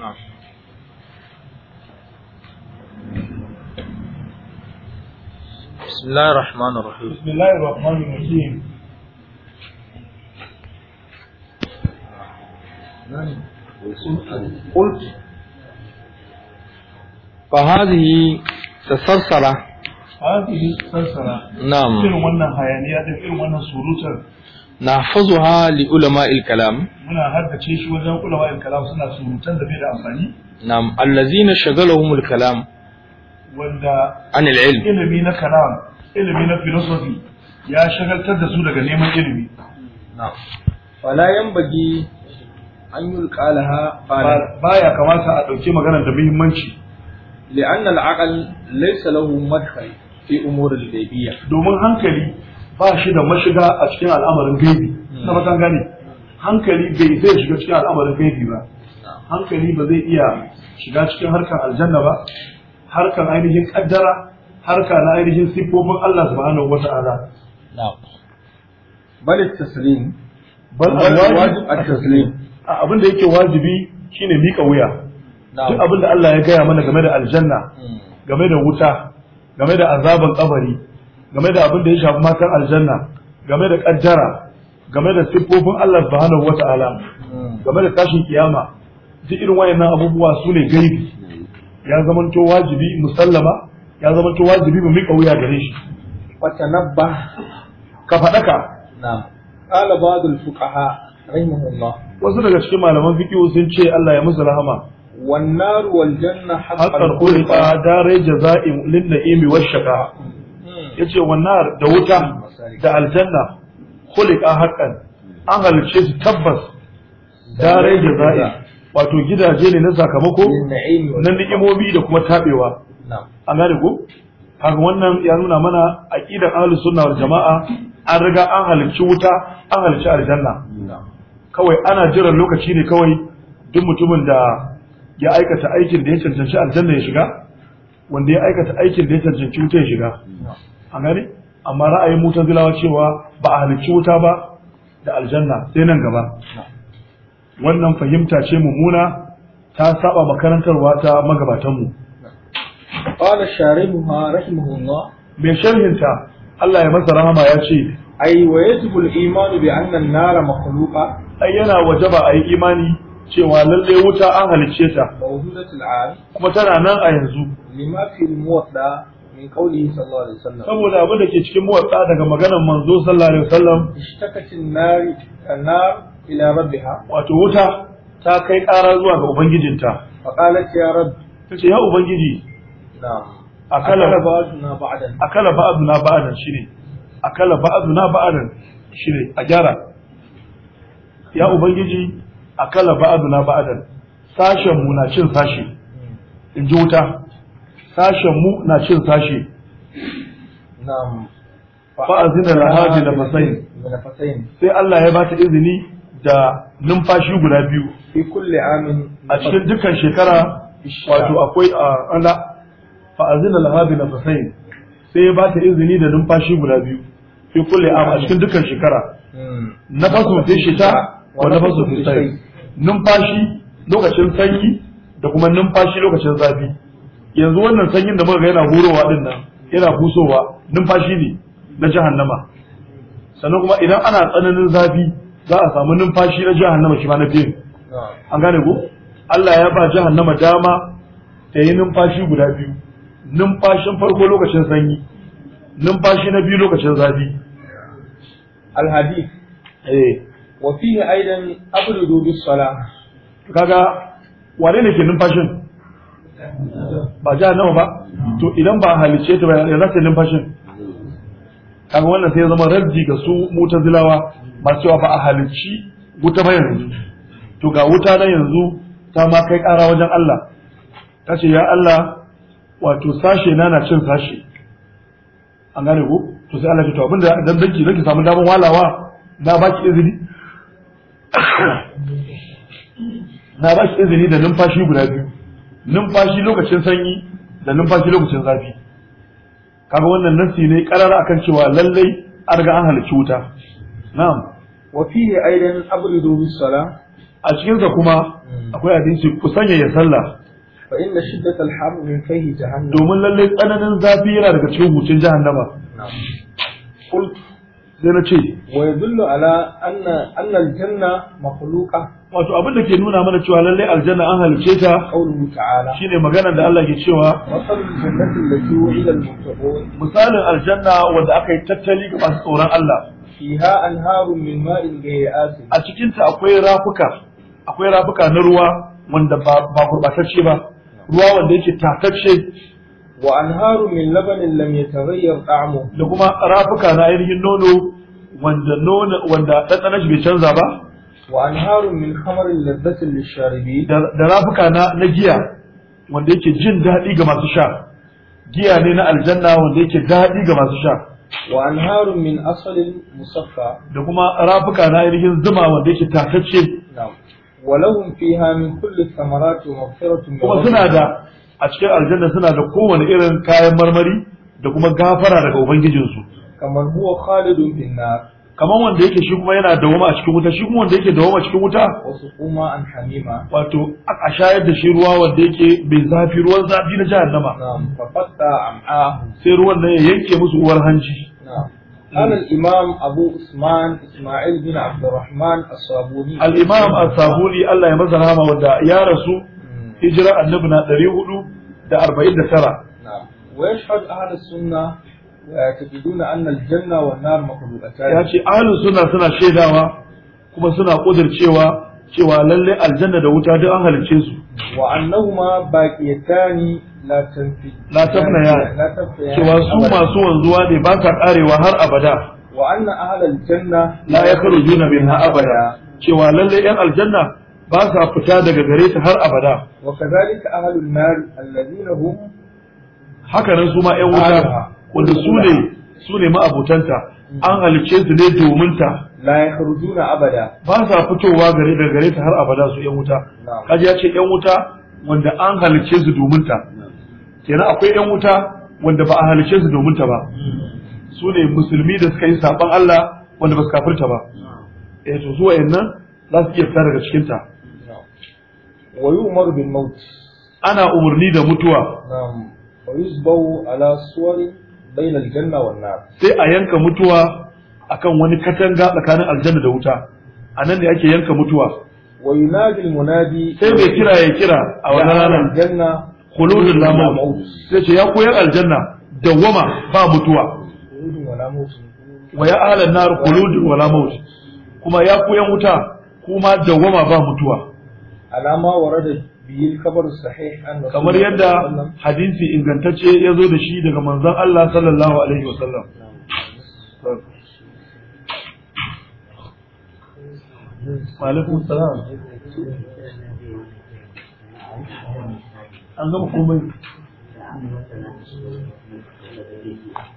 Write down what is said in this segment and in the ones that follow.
نعم بسم الله الرحمن الرحيم بسم الله الرحمن الرحيم قلت فهذه تسلسلة هذه تسلسلة نعم في wannan hayaniya في irin wannan Na nahfazuha li ulama al-kalam muna haddace shi wajen ulama al-kalam suna surutan da bai da amfani nam allazina shagalahum al-kalam wanda an al-ilm ilimi na kalam ilimi na philosophy ya shagaltar da su daga neman ilimi nam fala yanbagi an yulqalaha baya kamata a dauke maganar da muhimmanci li'anna al-aql laysa lahu madkhal fi umur al-ghaybiyya domin hankali ba shi da mashiga a cikin al'amarin gaibi hmm. na matan gane hankali bai zai shiga cikin al'amarin gaibi ba hankali ba zai iya shiga cikin harkar aljanna ba harkar ainihin kaddara harka na ainihin siffofin Allah subhanahu wata'ala bal taslim bal wajib at-taslim abin da yake wajibi shine mika wuya duk abin da Allah ya gaya mana game da aljanna hmm. game da wuta game da azaban kabari game da abin da ya shafi matan aljanna game da kaddara game da siffofin Allah subhanahu wata'ala game da tashin kiyama duk irin wayannan abubuwa su ne gaibi ya zamanto wajibi musallama ya zamanto wajibi mu miƙa wuya gare shi fatanabba ka faɗaka na qala ba'dul fuqaha rahimahullah wasu daga cikin malaman fiqh sun ce Allah ya musu rahama والنار والجنة حقا خلقا دار جزاء للنعيم والشقاء yace wannan da wuta da aljanna khuliqa haqqan an halice su tabbas darai za'i wato gidaje ne na sakamako na ni'imomi da kuma tabewa an gane ko haka wannan ya nuna mana aqidar ahli sunna wal jamaa an riga an halicci wuta an halicci aljanna kawai ana jiran lokaci ne kawai duk mutumin da ya aikata aikin da ya cancanci aljanna ya shiga wanda ya aikata aikin da ya cancanci wuta ya shiga a gane amma ra'ayin mutazilawa cewa ba a halicci wuta ba da aljanna sai nan gaba wannan fahimta ce mummuna ta saba makarantarwa ta magabatanmu qala sharibuha rahimahullah mai sharhinta Allah ya masa rahama ya ce ai wa yajibu al-iman bi anna an-nara makhluqa ai yana a yi imani cewa lalle wuta an halicce ta kuma tana nan a yanzu lima fi muwadda min saboda abin da ke cikin muwatta daga maganar manzo sallallahu alaihi wasallam ishtakatin annar ila rabbiha wato wuta ta kai ƙara zuwa ga ubangijinta ya rabb tace ya ubangiji na'am akala ba'duna ba'dan akala ba'duna ba'dan shine akala ba'duna ba'dan shine a gyara ya ubangiji akala ba'duna ba'dan sashen mu na cin sashi hmm. in ji wuta sashen mu na cin sashe na'am da laha da fasayin. sai Allah ya bata izini da numfashi guda biyu a cikin dukkan shekara wato akwai a ana da laha da fasayin. sai ya ta izini da numfashi guda biyu fi kulle a cikin dukkan shekara hmm. nafasu fi shita wa nafasu fi sai numfashi lokacin sanyi da kuma numfashi lokacin zafi yanzu wannan sanyin da muka ga yana hurowa din nan yana husowa numfashi ne na jahannama sannan kuma idan ana tsananin zafi za a samu numfashi na jahannama shi ma na biyu an gane ko Allah ya ba jahannama dama ta yi numfashi guda biyu numfashin farko lokacin sanyi numfashi na biyu lokacin zafi alhadi eh wa fihi aidan abdu bis sala kaga wane ne ke numfashin ba nawa ba to idan ba halice ta bayan yanzu ta numfashin kaga wannan sai ya zama raddi ga su zilawa ba cewa ba a halici wuta ba yanzu to ga wuta na yanzu ta ma kai ƙara wajen Allah ta ce ya Allah wato sashe na na cin sashe an gane ku to sai Allah ya to abinda dan zaki nake samu damar walawa na baki izini na baki izini da numfashi guda biyu numfashi lokacin sanyi da numfashi lokacin zafi kaga wannan nasi ne karar akan cewa lallai an ga an halicci wuta na'am wa fihi aidan abridu bis sala a cikin sa kuma hmm. akwai hadisi ku sanya ya sallah fa inna shiddat al har min fihi jahannam domin lallai tsananin zafi yana daga cikin hucin jahannama na'am sai na ce wa yadullu ala anna anna al janna makhluqa wato abin da ke nuna mana cewa lalle aljanna an halice ta shine maganar da Allah ke cewa misalin aljanna wanda aka yi tattali ga masu tsoron Allah fiha anharun min ma'in ghayyasin a cikin ta akwai rafuka akwai rafuka na ruwa wanda ba gurbatacce ba ruwa wanda yake tatacce wa anharun min labanin lam yataghayyar ta'amu da kuma rafuka na ainihin nono wanda nono wanda shi bai canza ba وأنهار من خمر لذة للشاربين درافقا نجيا wanda jin daɗi ga masu sha giya ne na aljanna wanda yake daɗi ga masu sha wa min asalin da kuma rafuka na ainihin zuma wanda yake tatacce wa fiha min kulli thamarati wa maghfiratun kuma suna da a cikin aljanna suna da kowane irin kayan marmari da kuma gafara daga ubangijinsu kamar huwa khalidun binna. Kaman wanda yake shi kuma yana dawoma a cikin wuta shi kuma wanda yake dawoma a cikin wuta wasu kuma an hamima wato a shayar da shi ruwa wanda yake bai zafi ruwan zafi na jahannama sai ruwan nan ya yanke musu uwar hanji قال الإمام أبو عثمان إسماعيل بن عبد الرحمن الصابوني الإمام الصابوني الله يمزل هما ودا يا رسول هجرة النبنا دريه da arba'in da tara. Wai shahadu ahalus sunna Yace eh, anna aljanna suna shaidawa kuma suna kudircewa cewa lalle aljanna da wuta duk an halicce su wa annahuma baqiyatani la tanfi la tafnaya masu wanzuwa ne ba sa karewa har abada wa anna ahlal janna la yakhrujuna minha abada cewa lalle yan aljanna ba sa fita daga gare ta har abada wa kadhalika ahlul nar alladhina hum haka nan su ma yan wuta wanda su ne su ne ma'abutanta an halicce su ne domin ta la yakhrujuna abada ba sa fitowa gare da gare ta har abada su yan wuta kaji ya ce yan wuta wanda an halicce su domin ta kenan akwai yan wuta wanda ba a halicce su domin ta ba su ne musulmi da suka yi saban Allah wanda ba su kafirta ba eh to zuwa yannan za su iya fita daga cikin ta wa yu'maru bil maut ana umarni da mutuwa na'am wa yusbau ala suwari bainal janna wan nar sai a yanka mutuwa akan wani katanga tsakanin aljanna da wuta anan ne ake yanka mutuwa wa yunadi munadi sai bai kira ya kira a wannan ranar janna khuludun la sai ce ya koyar aljanna dawwama ba mutuwa wa ya ahlan nar khuludun wala maut kuma ya koyan wuta kuma dawwama ba mutuwa alama warada kamar yadda hadisi ingantacce ya zo da shi daga manzon Allah sallallahu alaihi Malikun salam. An gama komai.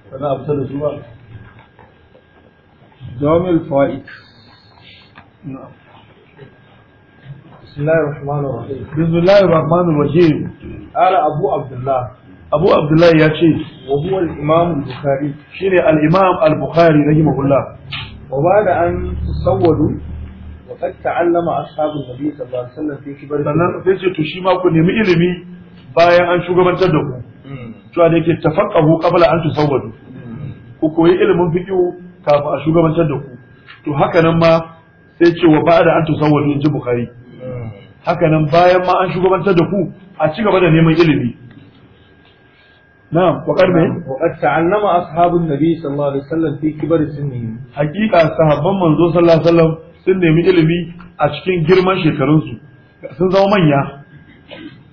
Sana da Fa'id. Na'am. بسم الله الرحمن الرحيم قال أبو عبد الله أبو عبد الله يأتي وهو الإمام البخاري شير الإمام البخاري رحمه الله وبعد أن تسودوا وقد تعلم أصحاب النبي صلى الله عليه وسلم في كبر sannan sai ce to shi ma ku nemi ilimi bayan an shugabantar da ku hmm. cewa da yake tafaqahu qabla an tusawwadu hmm. ku koyi ilimin fiqhu kafin a shugabantar da ku to hakanan ma sai ce wa an tusawwadu in ji bukhari hakanan bayan ma an shugabantar da ku a ci gaba da neman ilimi na'am wakar me wakar ta'allama ashabun nabi sallallahu alaihi wasallam fi kibar sinni hakika sahabban manzo sallallahu alaihi wasallam sun nemi ilimi a cikin girman shekarunsu sun zama manya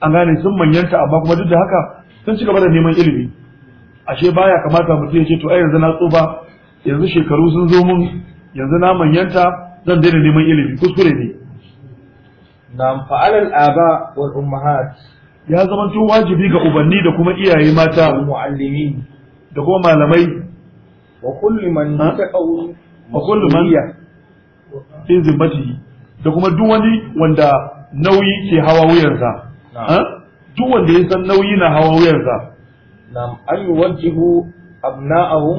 an gane sun manyanta amma kuma duk da haka sun ci gaba da neman ilimi ashe baya kamata mutum ya ce to ai yanzu na tsufa yanzu shekaru sun zo mun yanzu na manyanta zan daina neman ilimi kuskure ne نعم فعلى الآباء والأمهات ya zamanto wajibi ga ubanni da kuma iyaye mata muallimin da kuma malamai wa kullu man taqawwi wa kullu man fi zimmati da kuma duk wani wanda nauyi ke hawa wuyarsa duk wanda ya san nauyi na hawa wuyarsa nam an yuwajjihu abna'ahum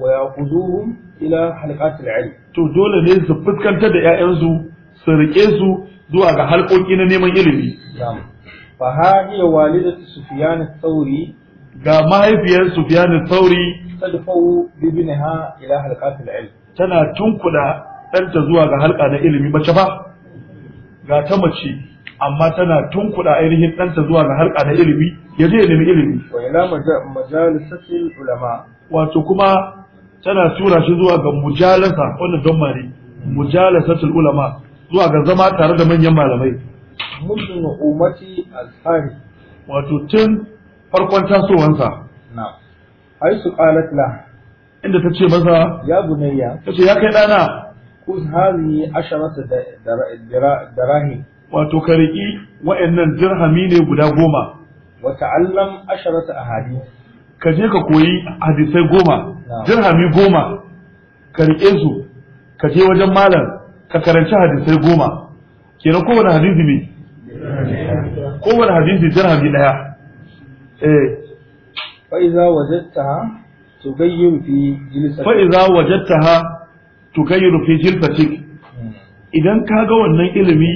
wa yaquduhum ila halqatil ilm to dole ne su fuskanta da ƴaƴansu su rike su zuwa ga halƙoƙi na neman ilimi fa hadiya walidatu sufyan ath sauri. ga mahaifiyar sauri. ath-thawri bibini ha ila halqat da ilm tana tunkuda ɗanta zuwa ga halka na ilimi mace ba ga ta mace amma tana tunkuda ainihin ɗanta zuwa ga halka na ilimi ya je nemi ilimi wa ila ulama wato kuma tana tura shi zuwa ga mujalasa wannan don mare mujalasatul ulama zuwa ga zama tare da manyan malamai muddin ummati al-hari wato tun farkon tasowansa na ai su qalat inda ta ce maza. ya bunayya ta ce ya kai dana kuz hadhihi asharata darahi wato ka riƙi wa'annan dirhami ne guda goma wa ta'allam asharata ahadi ka je ka koyi hadisai goma dirhami goma ka riƙe su ka je wajen malam ka karanci hadisai goma kenan kowane hadisi ne kowane hadisi dirhami daya eh fa iza wajadtaha tugayyir fi jilsatik fi jilsatik idan ka ga wannan ilimi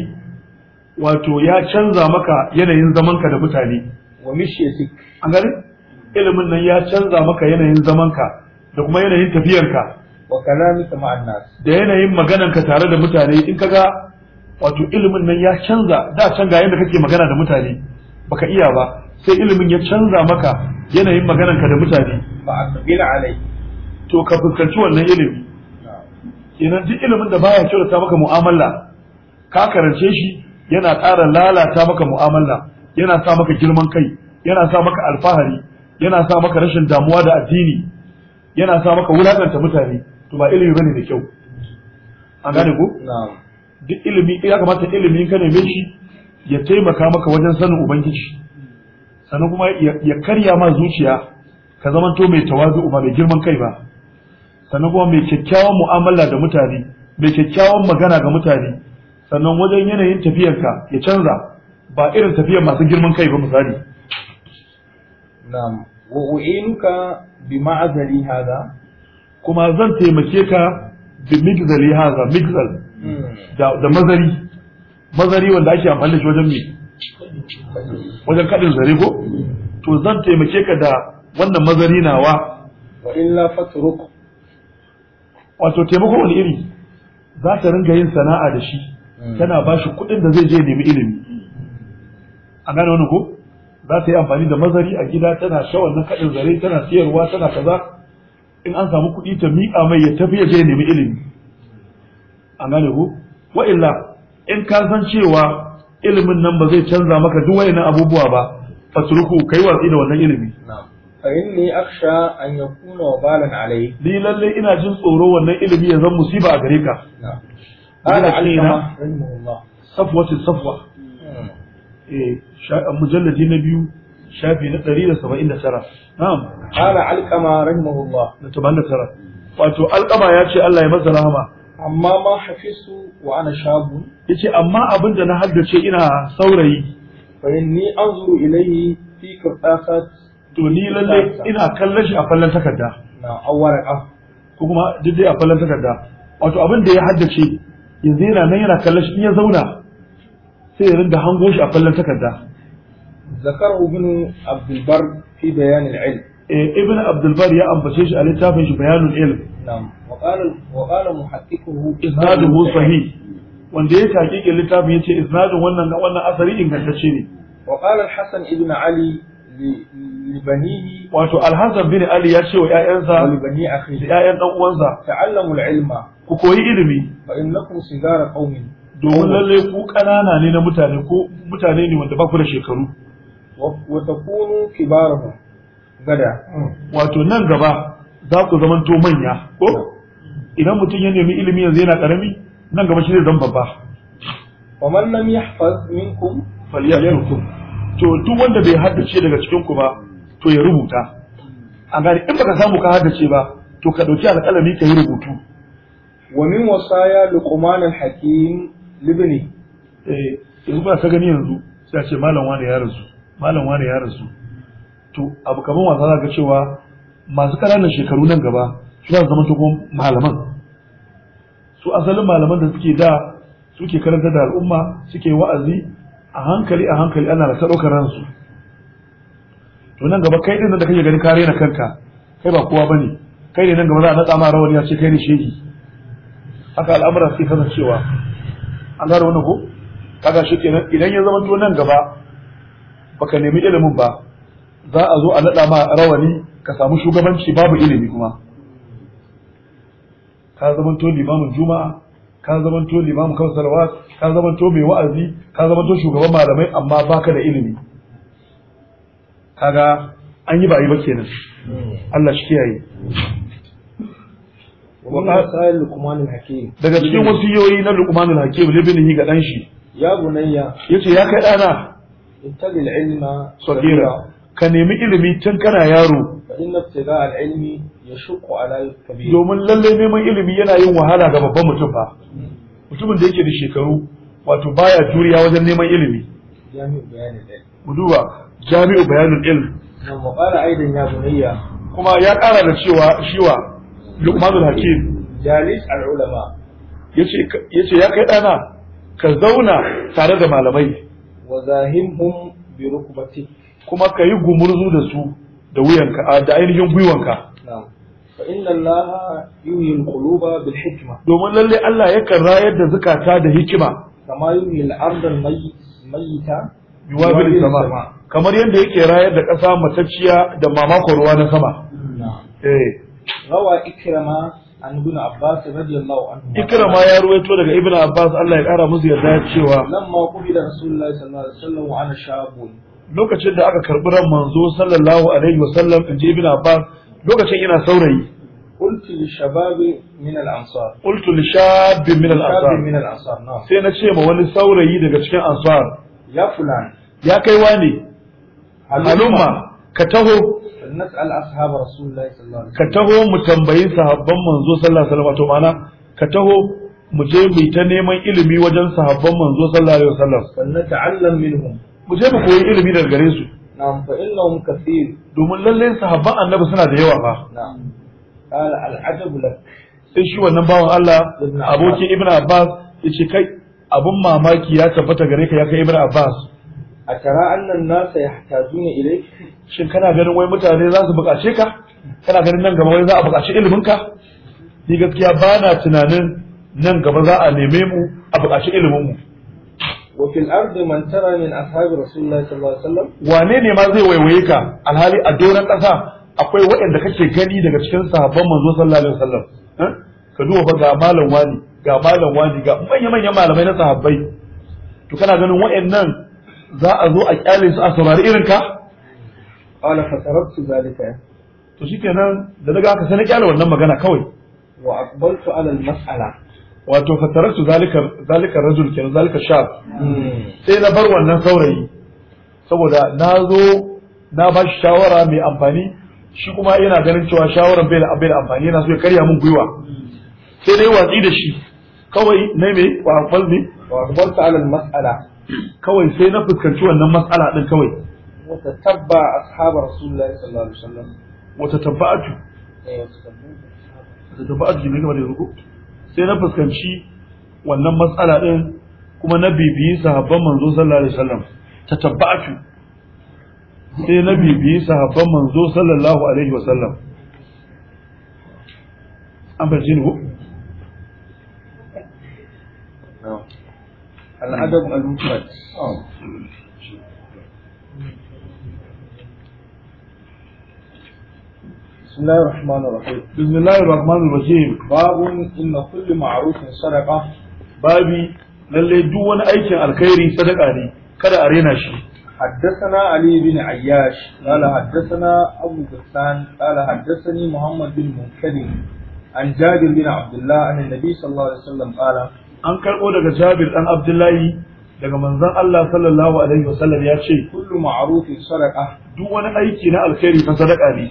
wato ya canza maka yanayin zamanka da mutane wa mishyatik an gani ilimin nan ya canza maka yanayin zamanka da kuma yanayin tafiyarka wa kalamika ma'an nas da yanayin maganan ka tare da mutane in kaga wato ilimin nan ya canza da can ga yadda kake magana da mutane baka iya ba sai ilimin ya canza maka yanayin maganan ka da mutane ba a alai to ka fuskanci wannan ilimi kenan duk ilimin da baya kyau ta maka mu'amala ka karance shi yana ƙara lalata maka mu'amala yana sa maka girman kai yana sa maka alfahari yana sa maka rashin damuwa da addini yana sa maka wulakanta mutane to ba ilimi bane da kyau an gane ko duk ilimi eh, ya kamata ilimi ka neme shi ya taimaka maka wajen sanin ubangiji sannan kuma ya karya ma zuciya ka zamanto mai tawazu ba mai girman kai ba sannan kuma mai kyakkyawan mu'amala da mutane mai kyakkyawan magana ga mutane sannan wajen yanayin tafiyarka ya canza ba irin tafiyar masu girman kai ba misali na'am wa'u'inka bi ma'azari hada kuma zan taimake ka bi migzali haza migzal hmm. da mazari mazari wanda ake amfani da shi wajen me wajen kadin zare ko to zan taimake ka da wannan mazari nawa wa illa fatruk wato taimako wani iri za ta ringa yin sana'a da shi hmm. tana ba shi kuɗin da zai je nemi ilimi a gane wani ko za ta yi amfani da mazari a gida tana shawar na kaɗin zare tana siyarwa tana kaza in an samu kuɗi ta miƙa mai ya tafi ya je nemi ilimi an gane ku wa illa in ka san cewa ilimin nan ba zai canza maka duk wayannan abubuwa ba fatruku kai watsi da wannan ilimi fa inni akhsha an yakuna wabalan alai ni lalle ina jin tsoro wannan ilimi ya zan musiba a gare ka ana alina safwatu safwa hmm. eh mujalladi na biyu shafi na 179 na'am qala alqama rahimahullah na 79 wato alqama ya ce Allah ya masa rahama amma ma wa ana shabun yace amma abin da na haddace ina saurayi fa inni anzuru ilayhi fi qira'at to ina kallon shi a fallan takarda na awwara ka ko kuma duk a fallan takarda wato abin da ya haddace yanzu yana nan yana kallon shi ya zauna sai ya rinda hango shi a fallan takarda ذكره ابن عبد البر في بيان العلم ابن عبد البر يا أم بشيش ألتافش بيان العلم نعم وقال وقال محققه إسناده صحيح wanda ya taƙiƙe littafin ya ce isnadin wannan wannan asari ingantacce ne wa qala ibn ali libanihi wato al bin ali ya ce wa ƴaƴansa libani akhi ƴaƴan dan uwansa ta'allamu al-ilma ku koyi ilimi fa innakum sigara qaumin domin lallai ku ƙanana ne na mutane ko mutane ne wanda ba ku da shekaru wa takunu kibarahum gada wato nan gaba za ku zamanto manya ko idan mutum ya nemi ilimi yanzu yana karami nan gaba shi zai zama babba wa man lam yahfaz minkum falyaktub to duk wanda bai haddace daga cikin ku ba to ya rubuta a gani in baka samu ka haddace ba to ka dauki alƙalami ka yi rubutu wa min wasaya luqman al-hakim libni eh yanzu ba ka gani yanzu sai a ce malam wani ya rasu malam wani ya rasu to abu kaman wasa za ka cewa masu ƙananan shekaru nan gaba su za su zama tukun malaman su asalin malaman da suke da suke karanta da al'umma suke wa'azi a hankali a hankali ana rasa ɗaukar ransu to nan gaba kai ɗin da kake gani ka rena kanka kai ba kowa bane kai ne nan gaba za a natsa ma rawani ya ce kai ne shehi haka al'amura suke kasancewa an gane wani ko kaga shi kenan idan ya zama to nan gaba baka nemi ilimin ba za a zo a naɗa ma rawani ka samu shugabanci babu ilimi kuma ka zamanto limamin juma'a ka zamanto limamin kausarwa ka zamanto mai wa'azi ka zamanto shugaban malamai amma baka da ilimi kaga an yi bayi ba kenan Allah shi kiyaye daga cikin wasiyoyi na luqmanul hakim yi ga dan shi ya bunayya yace ya kai dana ka nemi ilimi tun kana yaro domin lalle neman ilimi yana yin wahala ga babban mutum ba mutumin da yake da shekaru wato baya juriya wajen neman ilimi jami'u bayanul ilm jami'u ilm aidan ya bunayya kuma ya kara da cewa shiwa lukmanul hakim jalis al-ulama yace yace ya kai dana ka zauna tare da malamai wa zahimhum bi rukbatik kuma ka yi gumurzu da su da wuyanka da ainihin gwiwanka fa inna allaha yuhyi alquluba bil hikma domin lalle Allah yakan rayar da zukata da hikima kama yuhyi al-ard al-mayyita yuwabil sama kamar yadda yake rayar da ƙasa matacciya da mamakon ruwa na sama eh rawa ikrama an ibn Abbas radiyallahu anhu Ikrama ya ruwaito daga Ibn Abbas Allah ya kara musu yarda cewa lamma Rasulullahi sallallahu alaihi wasallam wa ana shabun lokacin da aka karbi ran manzo sallallahu alaihi wasallam in Ibn Abbas lokacin ina saurayi قلت للشباب من الأنصار قلت لشاب من الأنصار من الأنصار نعم سينا wani saurayi daga cikin ansar ya ya kai wani halumma ka taho nas'al ashab rasulullahi sallallahu alaihi ka taho mu tambayi sahabban manzo sallallahu alaihi wasallam to mana ka taho mu je mu ta neman ilimi wajen sahabban manzo sallallahu alaihi wasallam sannan ta'allam minhum mu je mu koyi ilimi daga gare su na'am fa innahum kathir domin lalle sahabban annabi suna da yawa ba. na'am qala lak sai shi wannan bawan Allah abokin ibnu abbas yace kai abun mamaki ya tabbata gare ka ya kai ibnu abbas a tara annan nasa ya tazu ne ilai shin kana ganin wai mutane za su buƙace ka kana ganin nan gaba wai za a buƙaci ilimin ka ni gaskiya ba na tunanin nan gaba za a neme mu a buƙaci ilimin mu وفي الأرض من ترى من أصحاب رسول الله صلى الله عليه wane ne ma zai waiwaye ka alhali a doron ƙasa akwai waɗanda kake gani daga cikin sahabban manzo sallallahu alaihi wasallam eh? ka duba fa ga malam wani ga malam wani ga manya manyan malamai na sahabbai to kana ganin waɗannan za a zo a kyale su a saurari irin ka qala fa taraktu zalika to nan da daga aka sai na kyale wannan magana kawai wa aqbaltu su al mas'ala wato fa taraktu zalika zalika rajul kenan zalika shab hmm. sai na bar wannan saurayi saboda na zo na ba shi shawara mai amfani shi kuma yana ganin cewa shawaran bai da amfani yana so ya karya min gwiwa sai dai watsi da shi kawai na mai wa ne wa akbalta ala mas'ala kawai sai na fuskanci wannan matsala din kawai wata tabba ashabar rasulullahi sallallahu alaihi wasallam wata tabba'atu eh, wata tabba'atu ne gaba da ruku sai na fuskanci wannan matsala din kuma na bibiyi sahabban manzo sallallahu alaihi wasallam ta tabba'atu sai na bibiyi sahabban manzo sallallahu alaihi wasallam an fahimci ne ko الأدب المفرد بسم الله الرحمن الرحيم بسم الله الرحمن الرحيم باب إن كل معروف صدقة بابي للي دون أيك الخير صدقة لي كذا أرينا شيء حدثنا علي بن عياش قال حدثنا أبو غسان قال حدثني محمد بن منكدر عن جابر بن عبد الله عن النبي صلى الله عليه وسلم قال an karɓo daga Jabir ɗan Abdullahi daga manzon Allah sallallahu alaihi wasallam ya ce kullu ma'rufin sadaqa duk wani aiki na alkhairi fa sadaqa ne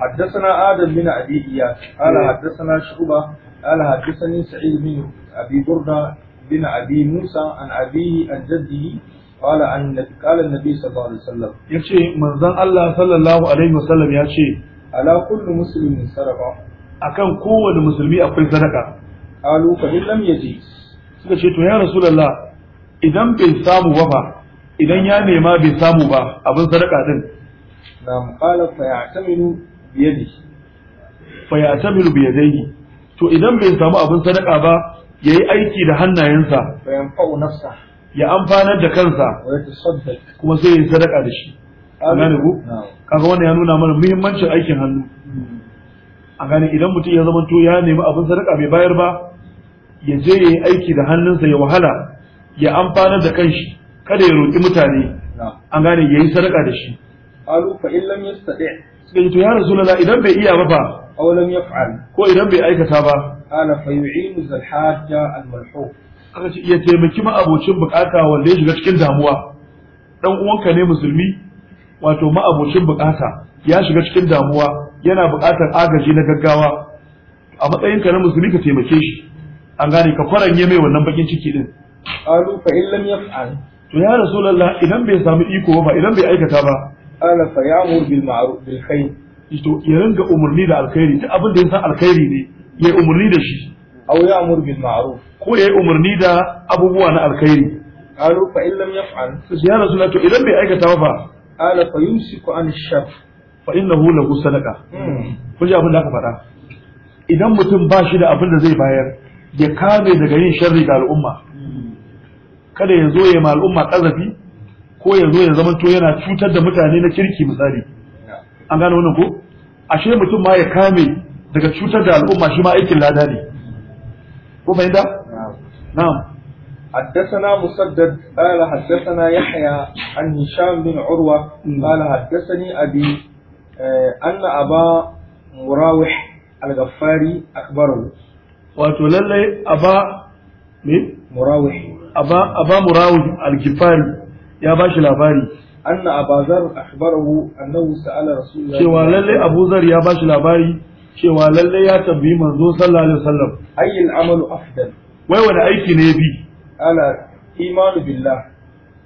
حدثنا آدم بن أبي إياس قال حدثنا شعبة قال حدثني سعيد بن أبي بردة بن أبي موسى عن أبيه عن جده قال عن قال النبي صلى الله عليه وسلم يشي منزل الله صلى الله عليه وسلم يشي على كل مسلم صدقة akan kowane musulmi akwai sadaka qalu fa in lam yaji suka ce to ya rasulullah idan bai samu ba fa idan ya nema bai samu ba abin sadaka din nam qala fa ya'tamilu bi yadihi fa ya'tamilu bi yadayhi to idan bai samu abin sadaka ba yayi aiki da hannayensa fa yanfa'u nafsa ya amfanar da kansa kuma sai ya sadaka da shi an gane ku kaga wannan ya nuna mana muhimmancin aikin hannu a gane idan mutum ya zama to ya nemi abin sadaka bai bayar ba ya je ya yi aiki da hannunsa ya wahala ya amfanar da kanshi kada ya roƙi mutane an gane ya yi sadaka da shi alu fa in lam yastati suka ce to ya rasulullah idan bai iya ba fa aw lam yaf'al ko idan bai aikata ba qala fa yu'inu zal hajja al malhuf aka ce ya taimaki ma'abocin bukata wanda ya shiga cikin damuwa dan uwanka ne musulmi wato ma'abocin bukata ya shiga cikin damuwa yana bukatar agaji na gaggawa a matsayinka na musulmi ka taimake shi an gane ka faranye mai wannan bakin ciki din qalu fa in lam yaf'al to ya rasulullah idan bai samu iko ba idan bai aikata ba qala fa ya'mur bil ma'ruf bil khair to ya ringa umurni da alkhairi duk abin da ya san alkhairi ne ya umurni da shi aw ya'mur bil ma'ruf ko ya umurni da abubuwa na alkhairi qalu fa in lam yaf'al to ya rasulullah to idan bai aikata ba qala fa yumsiku an shar fa innahu lahu sadaqa hmm. kun ji abin da aka faɗa idan mutum ba shi da abin da zai bayar ya kame daga yin sharri ga al'umma kada ya zo ya ma al'umma kazafi ko ya zo ya zama to yana cutar da mutane na kirki misali an gane wannan ko ashe mutum ma ya kame daga cutar da al'umma shi ma aikin lada ne ko bai da na'am حدثنا مسدد قال حدثنا يحيى عن هشام بن عروة قال حدثني أبي أن أبا مراوح الغفاري أخبره wato lallai aba me murawih aba aba al-gifari ya bashi labari anna abazar akhbarahu annahu sa'ala rasulullahi cewa lallai abuzar ya bashi labari cewa lallai ya tambayi manzo sallallahu alaihi wasallam ayyul amalu afdal wai wani aiki ne bi? ala imanu billah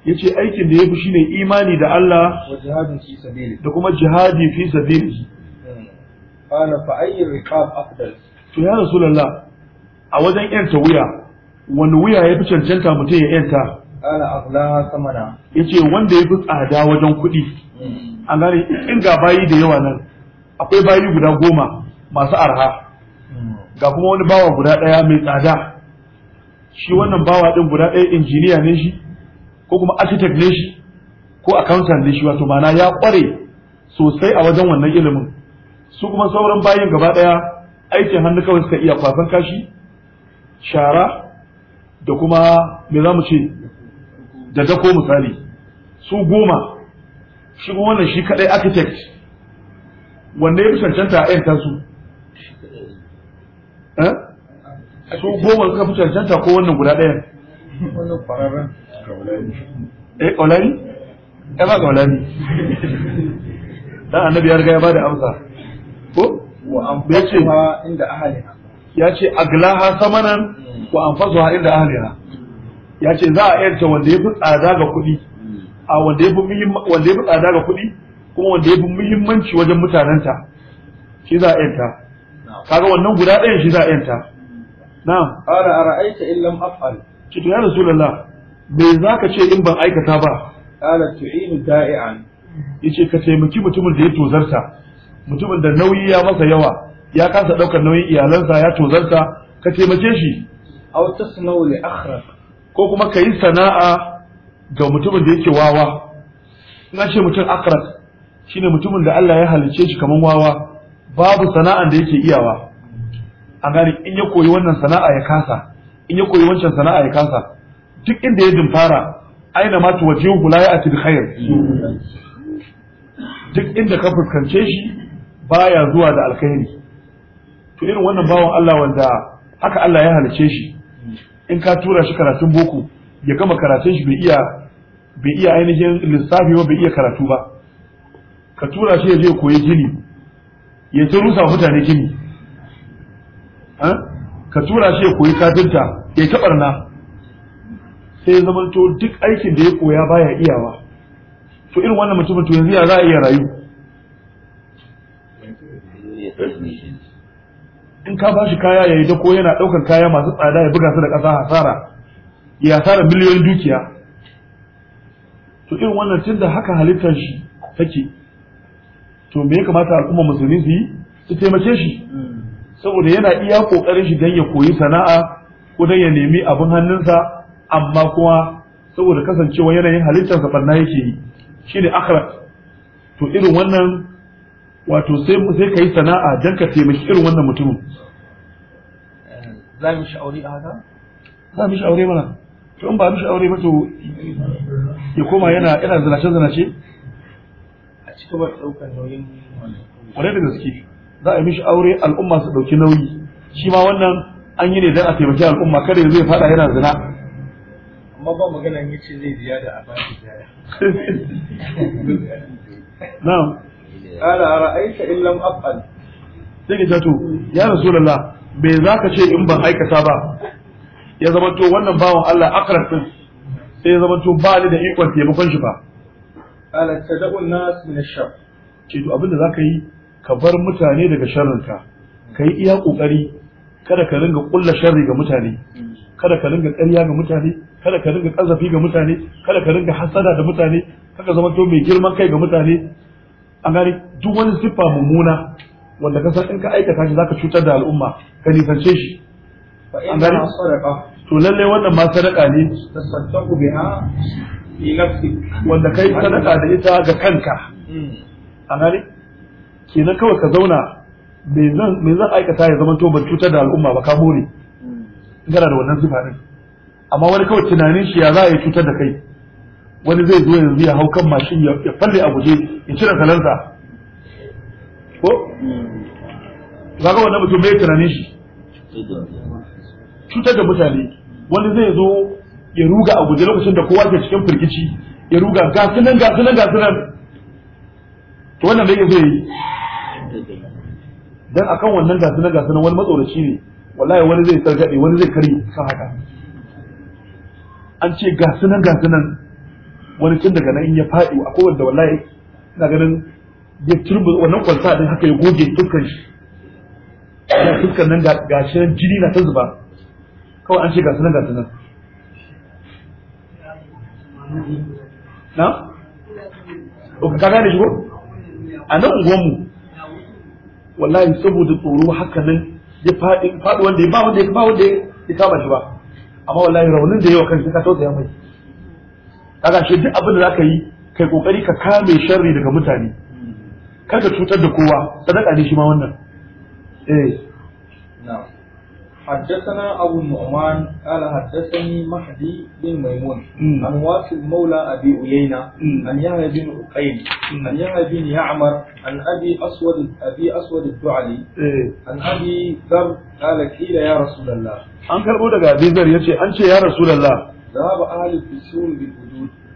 yace aikin da yafi shine imani da Allah wa jihadin fi sabili da kuma jihadi fi sabili hmm. qala fa ayyul riqab afdal to ya rasulullah a wajen yanta wuya wani wuya ya fi cancanta mutum ya yanta ya ce wanda ya fi tsada wajen kuɗi hmm. an gane in ga bayi da yawa nan akwai bayi guda goma masu arha hmm. ga kuma wani bawa guda ɗaya mai tsada shi wannan bawa ɗin guda ɗaya injiniya ne shi ko kuma architect ne shi ko accountant ne shi wato mana ya ƙware sosai a wajen wannan ilimin su kuma sauran bayin gaba ɗaya aikin hannu kawai suka iya kwasan kashi shara da kuma me za mu ce da dako misali su goma shi wannan shi kadai architect wanda ya fi cancanta a 'yan tasu eh? su goma suka fi cancanta ko wannan guda ɗayan eh ƙaulani? ya ba ƙaulani dan annabi ya riga ya ba da amsa ko ya ce inda ahali ya ce aglaha samanan wa anfasuha inda ahliha ya ce za a yanta wanda ya fi tsada ga kuɗi a wanda ya fi tsada ga kuɗi kuma wanda ya fi muhimmanci wajen mutanenta shi za a yanta kaga wannan guda ɗayan shi za a yanta na'am ara ara'aita in lam af'al ce to ya rasulullah me zaka ce in ban aikata ba ala tu'inu da'i'an yace ka taimaki mutumin da ya tozarta mutumin da nauyi ya masa yawa ya kasa daukar nauyin iyalansa ya tozarta ka taimake shi aw tasnau li akhrak ko kuma kayi sana'a ga mutumin da yake wawa na ce mutum akrak shine mutumin da Allah ya halice shi kaman wawa babu sana'an da yake iyawa an gani in ya koyi wannan sana'a ya kasa in ya koyi wancan sana'a ya kasa duk inda ya dimfara aina ma tu wajihu hulayati bi khair duk inda ka fuskance shi baya zuwa da alkhairi to irin wannan bawan Allah wanda haka Allah ya halice shi in ka tura shi karatun boko ya gama karatun shi bai iya bai iya ainihin lissafi ba bai iya karatu ba ka tura shi ya je koyi gini ya ta rusa mutane gini ka tura shi ya koyi kafinta ya ta barna sai to duk aikin da ya koya baya iyawa to irin wannan mutumin to yanzu ya za a iya rayu in ka bashi kaya ya yi dako yana ɗaukar kaya masu tsada ya buga su da kasa hasara ya hasara miliyoyin dukiya to irin wannan tun da haka halittar shi take to me ya kamata al'umma musulmi su yi su taimake shi saboda yana iya kokarin shi dan ya koyi sana'a ko don ya nemi abin hannunsa amma kuma saboda kasancewa yanayin halittarsa barna yake yi shine akhirat to irin wannan wato sai sai kai sana'a dan ka taimaki irin wannan mutumin za mu shi aure haka za mu shi aure mana to in ba mu shi aure ba to ya koma yana yana zanace ce. a cikin ba daukar nauyin kware da gaske za a yi mishi aure al'umma su dauki nauyi shi ma wannan an yi ne dan a taimaki al'umma kada ya zo ya fada yana zina amma ba magana yace zai ziyara a baki ziyada na'am qala ara'aita in lam af'al sai to ya rasulullah me zaka ce in ban aikata ba ya zama to wannan bawan Allah akrar din sai ya zama to ba ni da ikon taimakon shi ba qala tad'u nas min ash to abinda zaka yi ka bar mutane daga ka kai iya kokari kada ka ringa kulla sharri ga mutane kada ka ringa ƙarya ga mutane kada ka ringa ƙazafi ga mutane kada ka ringa hasada da mutane kada zama to mai girman kai ga mutane an gari duk wani siffa mummuna wanda ka san in ka aikata shi zaka cutar da al'umma ka nisance shi an gari to lallai wannan ma sadaka ne wanda kai sadaka da ita ga kanka hmm. an gane kenan kawai ka zauna me zan aikata ya zama to ban cutar da al'umma ba ka more gara hmm. da wannan siffa din amma wani kawai tunanin shi ya za a yi cutar da kai wani zai zo yanzu ya hau kan mashin ya falle a guje ya cire salansa ko ga wannan mutum mai tunanin shi cutar da mutane wani zai zo ya ruga a guje lokacin da kowa ke cikin firgici ya ruga ga sunan ga sunan ga sunan to wannan bai zai yi dan akan wannan ga sunan ga sunan wani matsoraci ne wallahi wani zai targade wani zai kare sa haka an ce ga sunan ga sunan wani tun daga nan ya faɗi a kowanne wallahi na ganin ya turbe wannan kwanta din haka ya goge tukkan shi ya tukkan nan ga shi jini na ta zuba kawai an ce ga sunan ga sunan na? Ɗauka ka gane shi ko? A nan unguwanmu wallahi saboda tsoro haka nan ya faɗi faɗi wanda ya ba wanda ya kama shi ba amma wallahi raunin da yawa kan shi ka tausaya mai kaga shi duk abin da zaka yi kai kokari ka kame sharri daga mutane kar ka cutar da kowa sadaka ne shi ma wannan eh na'am حدثنا أبو النعمان قال حدثني مهدي بن ميمون عن واصل مولى أبي ألينا عن يحيى بن عقيل عن يحيى بن يعمر عن أبي أسود أبي أسود الدعلي عن أبي ذر قال قيل يا رسول الله أنكر أودا أبي ذر يا أنت يا رسول الله ذهب أهل الفسول بالفسول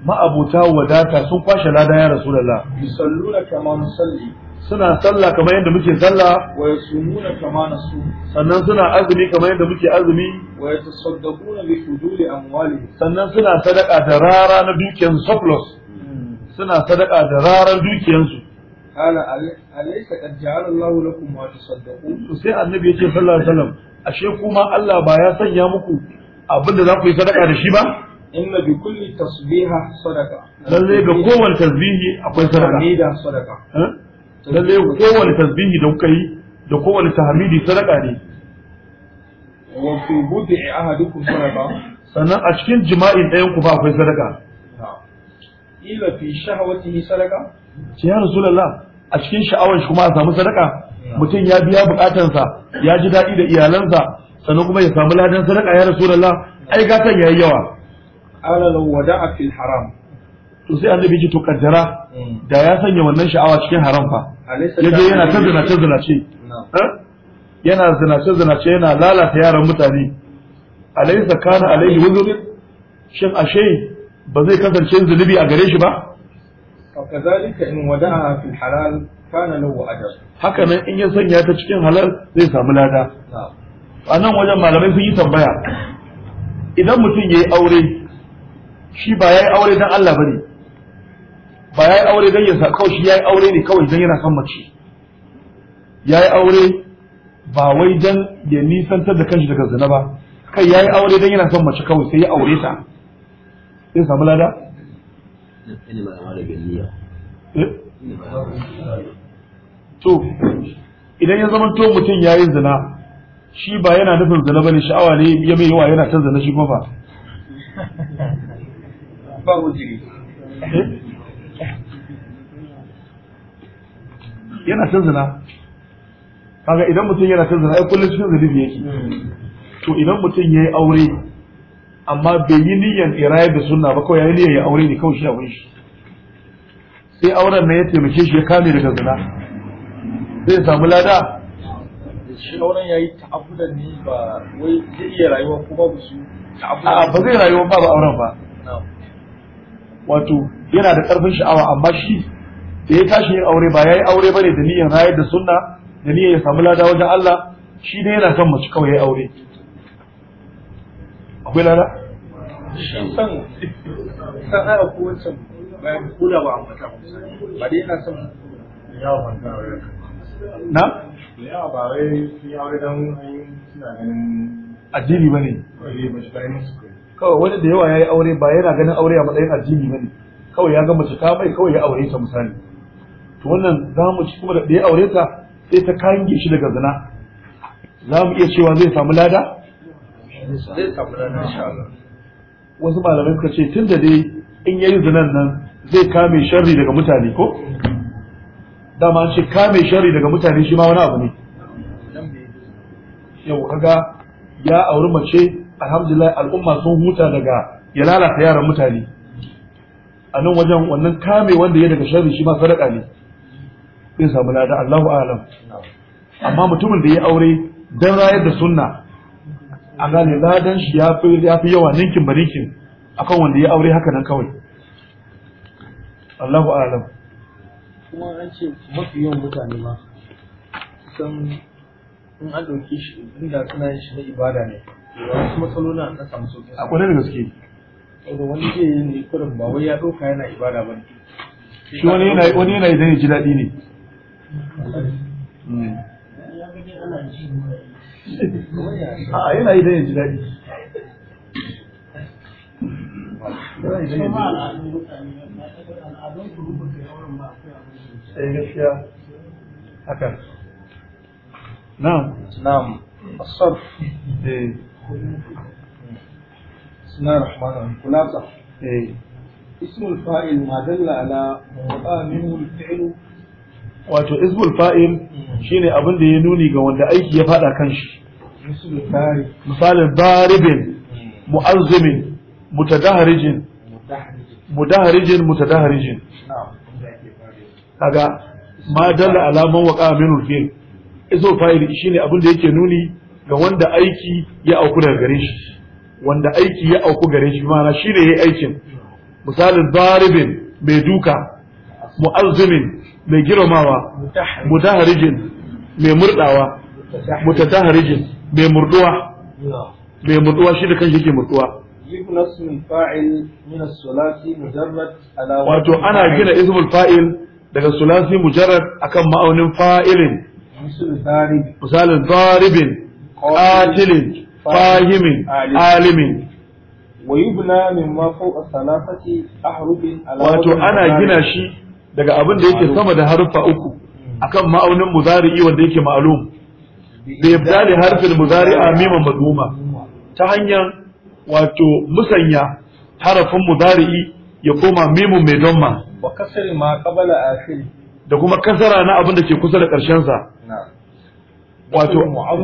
ma'abuta wadata sun kwashe lada ya rasulullah yusalluna kama nusalli suna sallah kamar yadda muke sallah wa yasumuna kama nasu sannan suna azumi kamar yadda muke azumi wa yatasaddaquna bi fuduli amwali sannan suna sadaka da rara na dukiyar surplus suna sadaka da raran su ala alaysa qad ja'ala Allahu lakum ma tasaddaqun sai annabi yake sallallahu alaihi wasallam ashe kuma Allah ba ya sanya muku abinda za ku yi sadaka da shi ba inna bi kulli tasbiha sadaqa lalle ga kowane tasbihi akwai sadaqa hamida sadaqa eh? lalle kowane tasbihi da kuka yi da kowane tahmidi sadaqa ne wa fi bud'i ahadukum sadaqa sannan a cikin jima'in ɗayan ku ba akwai sadaqa ila fi shahwatihi sadaqa ya rasulullah a cikin sha'awar shi kuma a samu sadaqa mutum ya biya bukatansa ya ji daɗi da iyalansa sannan kuma ya samu ladan sadaqa ya rasulullah ai gatan yayi yawa qala law wada'a fil haram to sai annabi ji to kaddara hmm. da ya sanya wannan sha'awa cikin haram fa yaje yana ta zina ta zina ce yana zina ta zina ce yana lalata yaran mutane alaysa kana alayhi wuzur shin ashe ba zai kasance zunubi a gare shi ba kazalika in wada'a fil halal kana lahu ajr haka nan in ya sanya ta cikin halal zai samu lada a nan wajen malamai sun yi tambaya idan mutum ya yi aure shi ba ya yi aure dan Allah bane ba ya yi aure dan yasa kawai shi ya yi aure ne kawai don yana son mace Ya yi aure ba wai dan ya nisantar da kanshi daga zina ba kai ya yi aure don yana son mace kawai sai ya aure ta sai samu lada eh? to idan ya zama to mutum ya yi zina shi ba yana nufin zina ne sha'awa ne ya mai yawa yana ta zina shi kuma ba yana cin zina kaga idan mutum yana cin zina ai kullum cikin zunubi yake to idan mutum ya yi aure amma bai yi niyyar iraya da sunna ba kawai ya yi niyyar ya aure ne kawai shi abin shi sai auren na ya taimake shi ya kame daga zina zai samu lada shi auren ya yi ta'abudan ne ba wai zai iya rayuwa ko babu su ta'abudan ba zai rayuwa ba ba auren ba wato yana da ƙarfin sha'awa amma shi da ya tashi yin aure ba yayi aure bane da niyyar rayar da sunna da niyyar ya samu lada wajen Allah shi dai yana son mace kawai yayi aure akwai lada san san ai akwai wancan bayan kula ba ambata ba dai yana son ba. fanta aure na yawa ba wai sun aure dan suna ganin addini bane kawai wani da yawa ya yi aure ba yana ganin aure a matsayin addini ba ne kawai ya ga mace ta mai kawai ya aure ta misali to wannan za mu ci kuma da ya aure ta sai ta kange shi daga zina za mu iya cewa zai samu lada wasu malamai suka ce tun da dai in ya yi zinan nan zai kame sharri daga mutane ko dama an ce kame sharri daga mutane shi ma wani abu ne yau kaga ya auri mace alhamdulillah al'umma sun huta daga ya lalata yaran mutane a nan wajen wannan kame wanda ya daga sharri shi ma sadaka ne in samu lada Allahu alam amma mutumin da ya aure dan rayar da sunna a gane ladan shi ya fi yawa ninkin ba a akan wanda ya aure haka nan kawai Allahu alam kuma an ce mafi yawan mutane ma san in an ɗauki shi inda suna yin shi na ibada ne matsalolin a samu sauƙi a kwanar da gaske saboda wani zai yi kurin ba wai ya ɗauka yana ibada ba shi wani yana wani yana idan ya ji daɗi ne hmm. a yana idan ya ji daɗi eh, Na'am. Na'am. Eh. Eh. wato ismul fa'il shine abin da ya nuni ga wanda aiki ya faɗa kan shi misalin daribin mu'azzimin mutadaharijin mudaharijin mutadaharijin kaga ma dalla alaman waqa minul fi'l ismul fa'il shine abin da yake nuni ga wanda aiki ya auku daga gare shi wanda aiki ya auku gare shi mana shi ne ya yi aikin misalin zaribin mai duka mu'azzimin mai girmamawa mutaharijin mai murdawa mutataharijin mai murduwa mai murduwa shi da kan shi ke murduwa wato ana gina ismul fa'il daga sulasi mujarrad akan ma'aunin fa'ilin misalin zaribin قاتل فاهم عالم ويبنى ما فوق الثلاثة أحرف على واتو أنا جنا شي daga abin da yake sama da harfa uku akan ma'aunin muzari'i wanda yake ma'lum da ibdali harfin muzari'a miman maduma ta hanyar wato musanya harafin muzari'i ya koma mimun mai damma wa kasar ma qabala akhir da kuma kasara na abin da ke kusa da karshen sa wato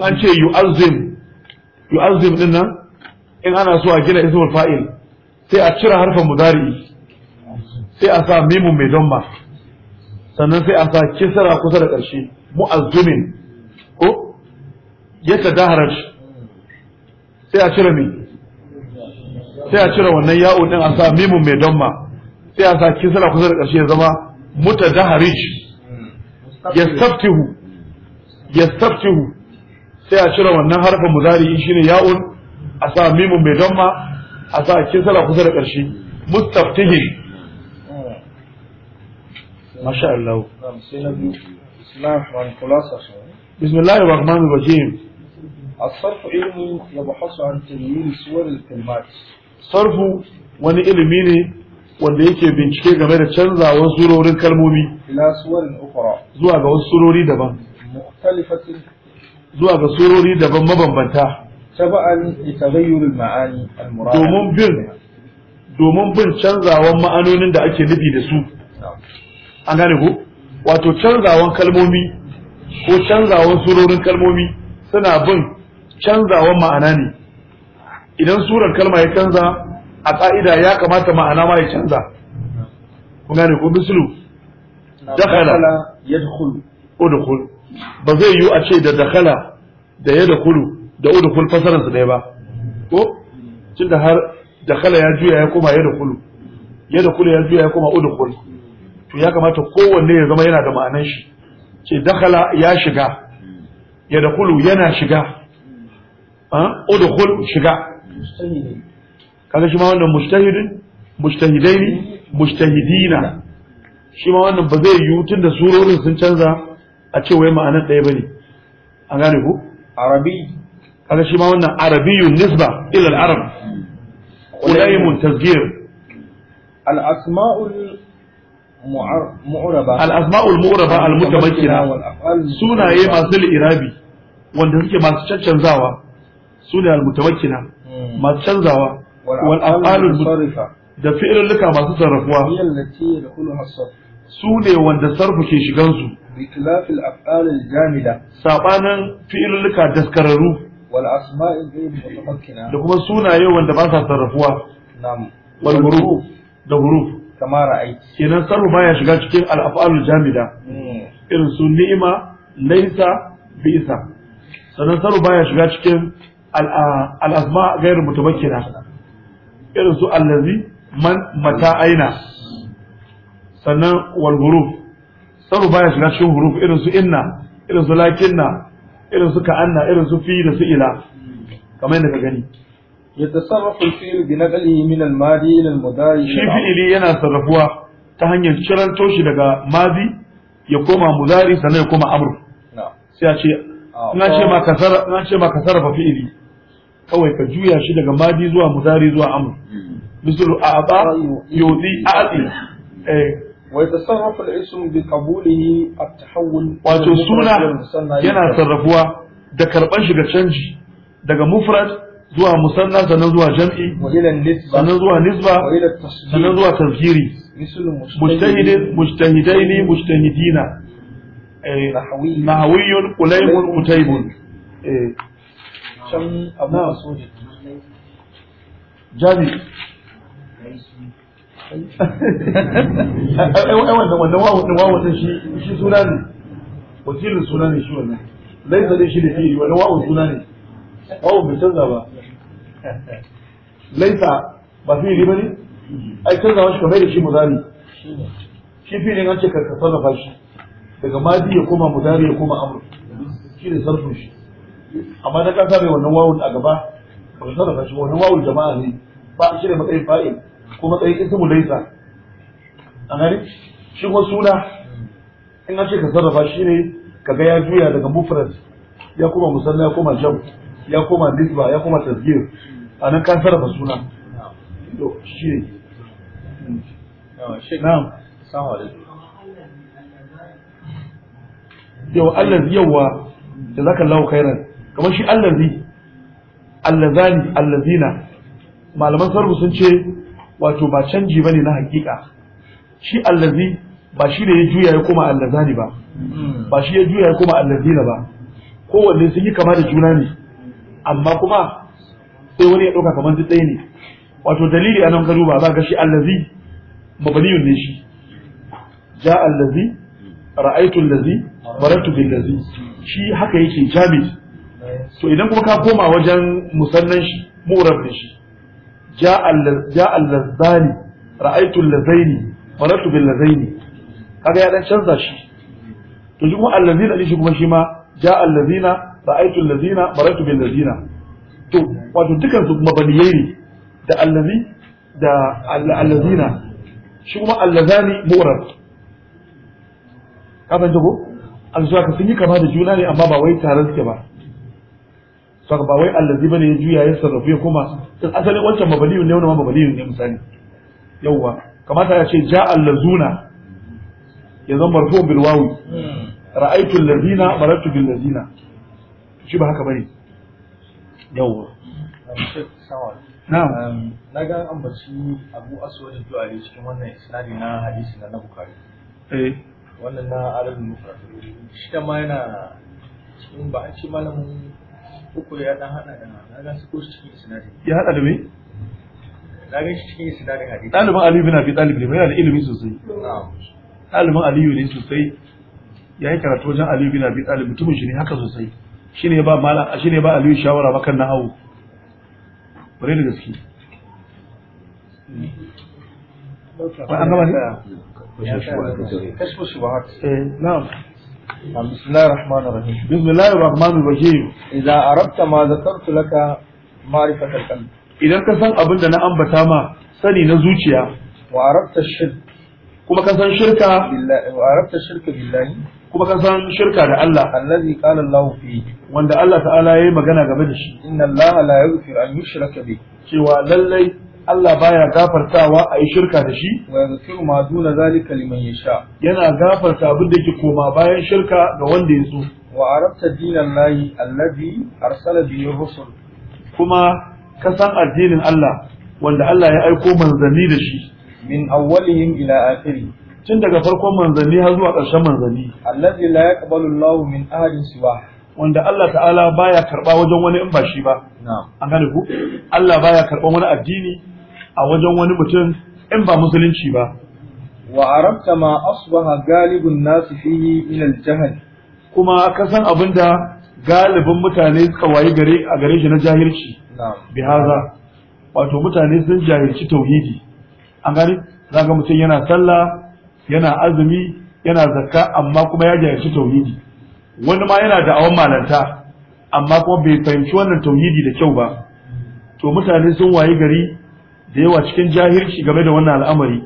an ce yu'azzim yu'azzim din nan in ana so a gina ismul fa'il sai a cire harfin mudari sai a sa mimun mai don sannan sai a sa kisra kusa da ƙarshe mu'azzimin ko ya Haraj sai a cire mi sai a cire wannan ya'u din a sa mimun mai don sai a sa kisra kusa da ƙarshe ya zama mutadaharij yastaftihu yastaftihu sai a cire wannan harfin muzari shine ya'un a sa mimun mai damma a sa kisra kusa da ƙarshe mustaftihin masha Allah بسم الله الرحمن الرحيم الصرف علم يبحث عن تغيير صور الكلمات صرف wani ilimi ne wanda yake bincike game da canzawar surorin kalmomi ila suwarin ukra zuwa ga wasu surori daban mukhtalifatin zuwa ga surori daban mabambanta tabi'an li ma'ani al-murad domin bin domin bin canzawan ma'anonin da ake nufi da su an gane ko wato canzawan kalmomi ko canzawan surorin kalmomi suna bin canzawan ma'ana ne idan surar kalma ya canza a ka'ida ya kamata ma'ana ma ya canza kun gane ko bislu dakhala yadkhul udkhul ba zai yiwu a ce da dakala da ya da kulu da udu kul fasaran su ba ko cin da har dakala ya juya ya koma ya da kulu ya da kulu ya juya ya koma udu kul to ya kamata kowanne ya zama yana da ma'anan shi ce dakala ya shiga ya da kulu yana shiga udu kul shiga kaga shi ma wannan mujtahidin mujtahidaini mujtahidina shi ma wannan ba zai yiwu tun da surorin sun canza a ce wai ma'anar ɗaya ba ne. A gane ku arabi kaga shi ma wannan arabiyun nisba ila al-arab qulaimun Al'asma'ul al-asma'ul mu'raba al-asma'ul mutamakkina sunaye masu irabi wanda suke masu canzawa, sune al-mutamakkina hmm. masu canzawa wal af'alul da fi'ilulluka masu sarrafuwa su ne wanda sarfu ke shigansu bi khilafil af'al jamida sabanin fi'ilulluka daskararru wal asma'i ghayr mutamakkina da kuma sunaye wanda ba sa sarrafuwa na'am da huruf kamar ra'ayi kenan sarru shiga cikin al-af'al hmm. irin su ni'ima laisa bisa sannan sarru baya shiga cikin al-asma ghayr mutamakkina irin su aina sannan tsaro baya shiga cikin huruf irin su inna irin su lakinna irin su ka'anna irin su fi da su ila kamar yadda ka gani يتصرف الفيل بنقله من الماضي الى المضارع shi fi'ili yana sarrafuwa ta hanyar ciranto shi daga madi ya koma mudari sannan ya koma amru sai a ce ah, ina ce ma kasara ina ce ma kasara fa fi'ili kawai ka juya shi daga madi zuwa mudari zuwa amru hmm. misal a'ata yuti a'ti eh ويتصرف الاسم بقبوله التحول wato suna yana sarrafuwa da karɓar shiga canji daga mufrad zuwa musanna sannan zuwa jam'i sannan zuwa nisba sannan zuwa tafsiri mujtahidin mujtahidaini mujtahidina nahawiyun qulaymun qutaybun can abu jami wannan wannan wawo din wawo din shi shi suna ne wakilin suna ne shi wannan laisa dai shi da fi'ili wannan wawo suna ne wawo bai canza ba laisa ba fi'ili ne? ai canza shi kamar da shi muzari shi fi'ilin an ce ka sarrafa fashi. daga madi ya koma mudari ya koma amur shi ne sarfin shi amma na kasa mai wannan wawun a gaba ba ka sarrafa shi wannan wawun jama'a ne ba shi ne matsayin fa'il ko matsayin ismu laisa a gani shi kuma suna in an ce ka sarrafa shi ne kaga ya juya daga mufrad ya koma musalla ya koma jam ya koma nisba ya koma tasgir a nan ka sarrafa suna shi ne yau Allah yauwa da za ka lawo kairan kamar shi zi. zani, Allah zina. malaman sarrafa sun ce wato ba canji bane na hakika shi allazi ba shi da ya juya ya koma allazani ba ba shi ya juya ya koma allazina ba kowanne sun yi kama da juna ne amma kuma sai wani ya ɗauka kamar duk ɗaya ne wato dalili a nan ka duba za ka shi allazi mabaniyun ne shi ja allazi ra'aitu allazi baratu bil allazi shi haka yake jami to idan kuma ka koma wajen musannan shi mu'rab ne shi ja'a al-lazzani ra'aytu al-lazzaini maratu bil lazzaini kaga ya canza shi to shi kuma allazina ne shi kuma shi ma ja'a allazina ra'aytu allazina maratu bil lazina to wato dukan su kuma baniyai ne da allazi da allazina shi kuma allazani mu'rab ka ka sun yi kama da juna ne amma ba wai tare suke ba saka ba wai allazi bane ya juya ya sarrafu ya koma sun asalin wancan mabaliyun ne wannan mabaliyun ne misali yawwa kamata ya ce ja allazuna ya zama marfu bil wawi ra'aytu allazina maratu bil lazina shi ba haka bane yawwa na'am um, na ga ambaci abu aswad du'ali cikin wannan isnadi na hadisi na bukhari eh wannan na arabul mufrad shi ma yana cikin ba a ce malamin uku ya dan hada da na ga su ko cikin ya hada da me na ga cikin hadisi ali bin abi ne da ilimi sosai daliban aliyu ne sosai ya yi karatu wajen aliyu bin abi talib mutumin shi ne haka sosai shine ba mala shine ba aliyu shawara makan na hawo bare da gaske ba an gama ne kashfu shubahat eh na'am بسم idan ka san abin da na ambata ma sani na zuciya wa arabta shirk kuma ka san shirka da Allah allazi qala Allah wanda Allah ta'ala yayi magana game da shi inna Allah la yaghfiru an cewa lallai Allah baya gafartawa a yi shirka da shi wa yaghfiru ma duna kaliman ya sha. yana gafarta abin da yake koma bayan shirka ga wanda ya so wa arabta dinan lahi alladhi arsala bihi rusul kuma ka san addinin Allah wanda Allah ya aiko manzanni da shi min awwalihim ila akhiri tun daga farkon manzanni har zuwa ƙarshen manzanni alladhi la yaqbalu Allahu min ahadin siwa wanda Allah ta'ala baya karba wajen wani in ba shi ba an gane ku Allah baya karban wani addini a wajen wani mutum in ba musulunci ba wa arabta ma asbaha galibun nasu fiye min al kuma kasan san da galibin mutane suka wayi gare a gare shi na jahilci bi haza wato mutane sun jahilci tauhidi an gani zaka mutum yana sallah yana azumi yana zakka amma kuma ya jahilci tauhidi wani ma yana da malanta amma kuma bai fahimci wannan tauhidi da kyau ba to mutane sun wayi gari da yawa cikin jahilci game da wannan al'amari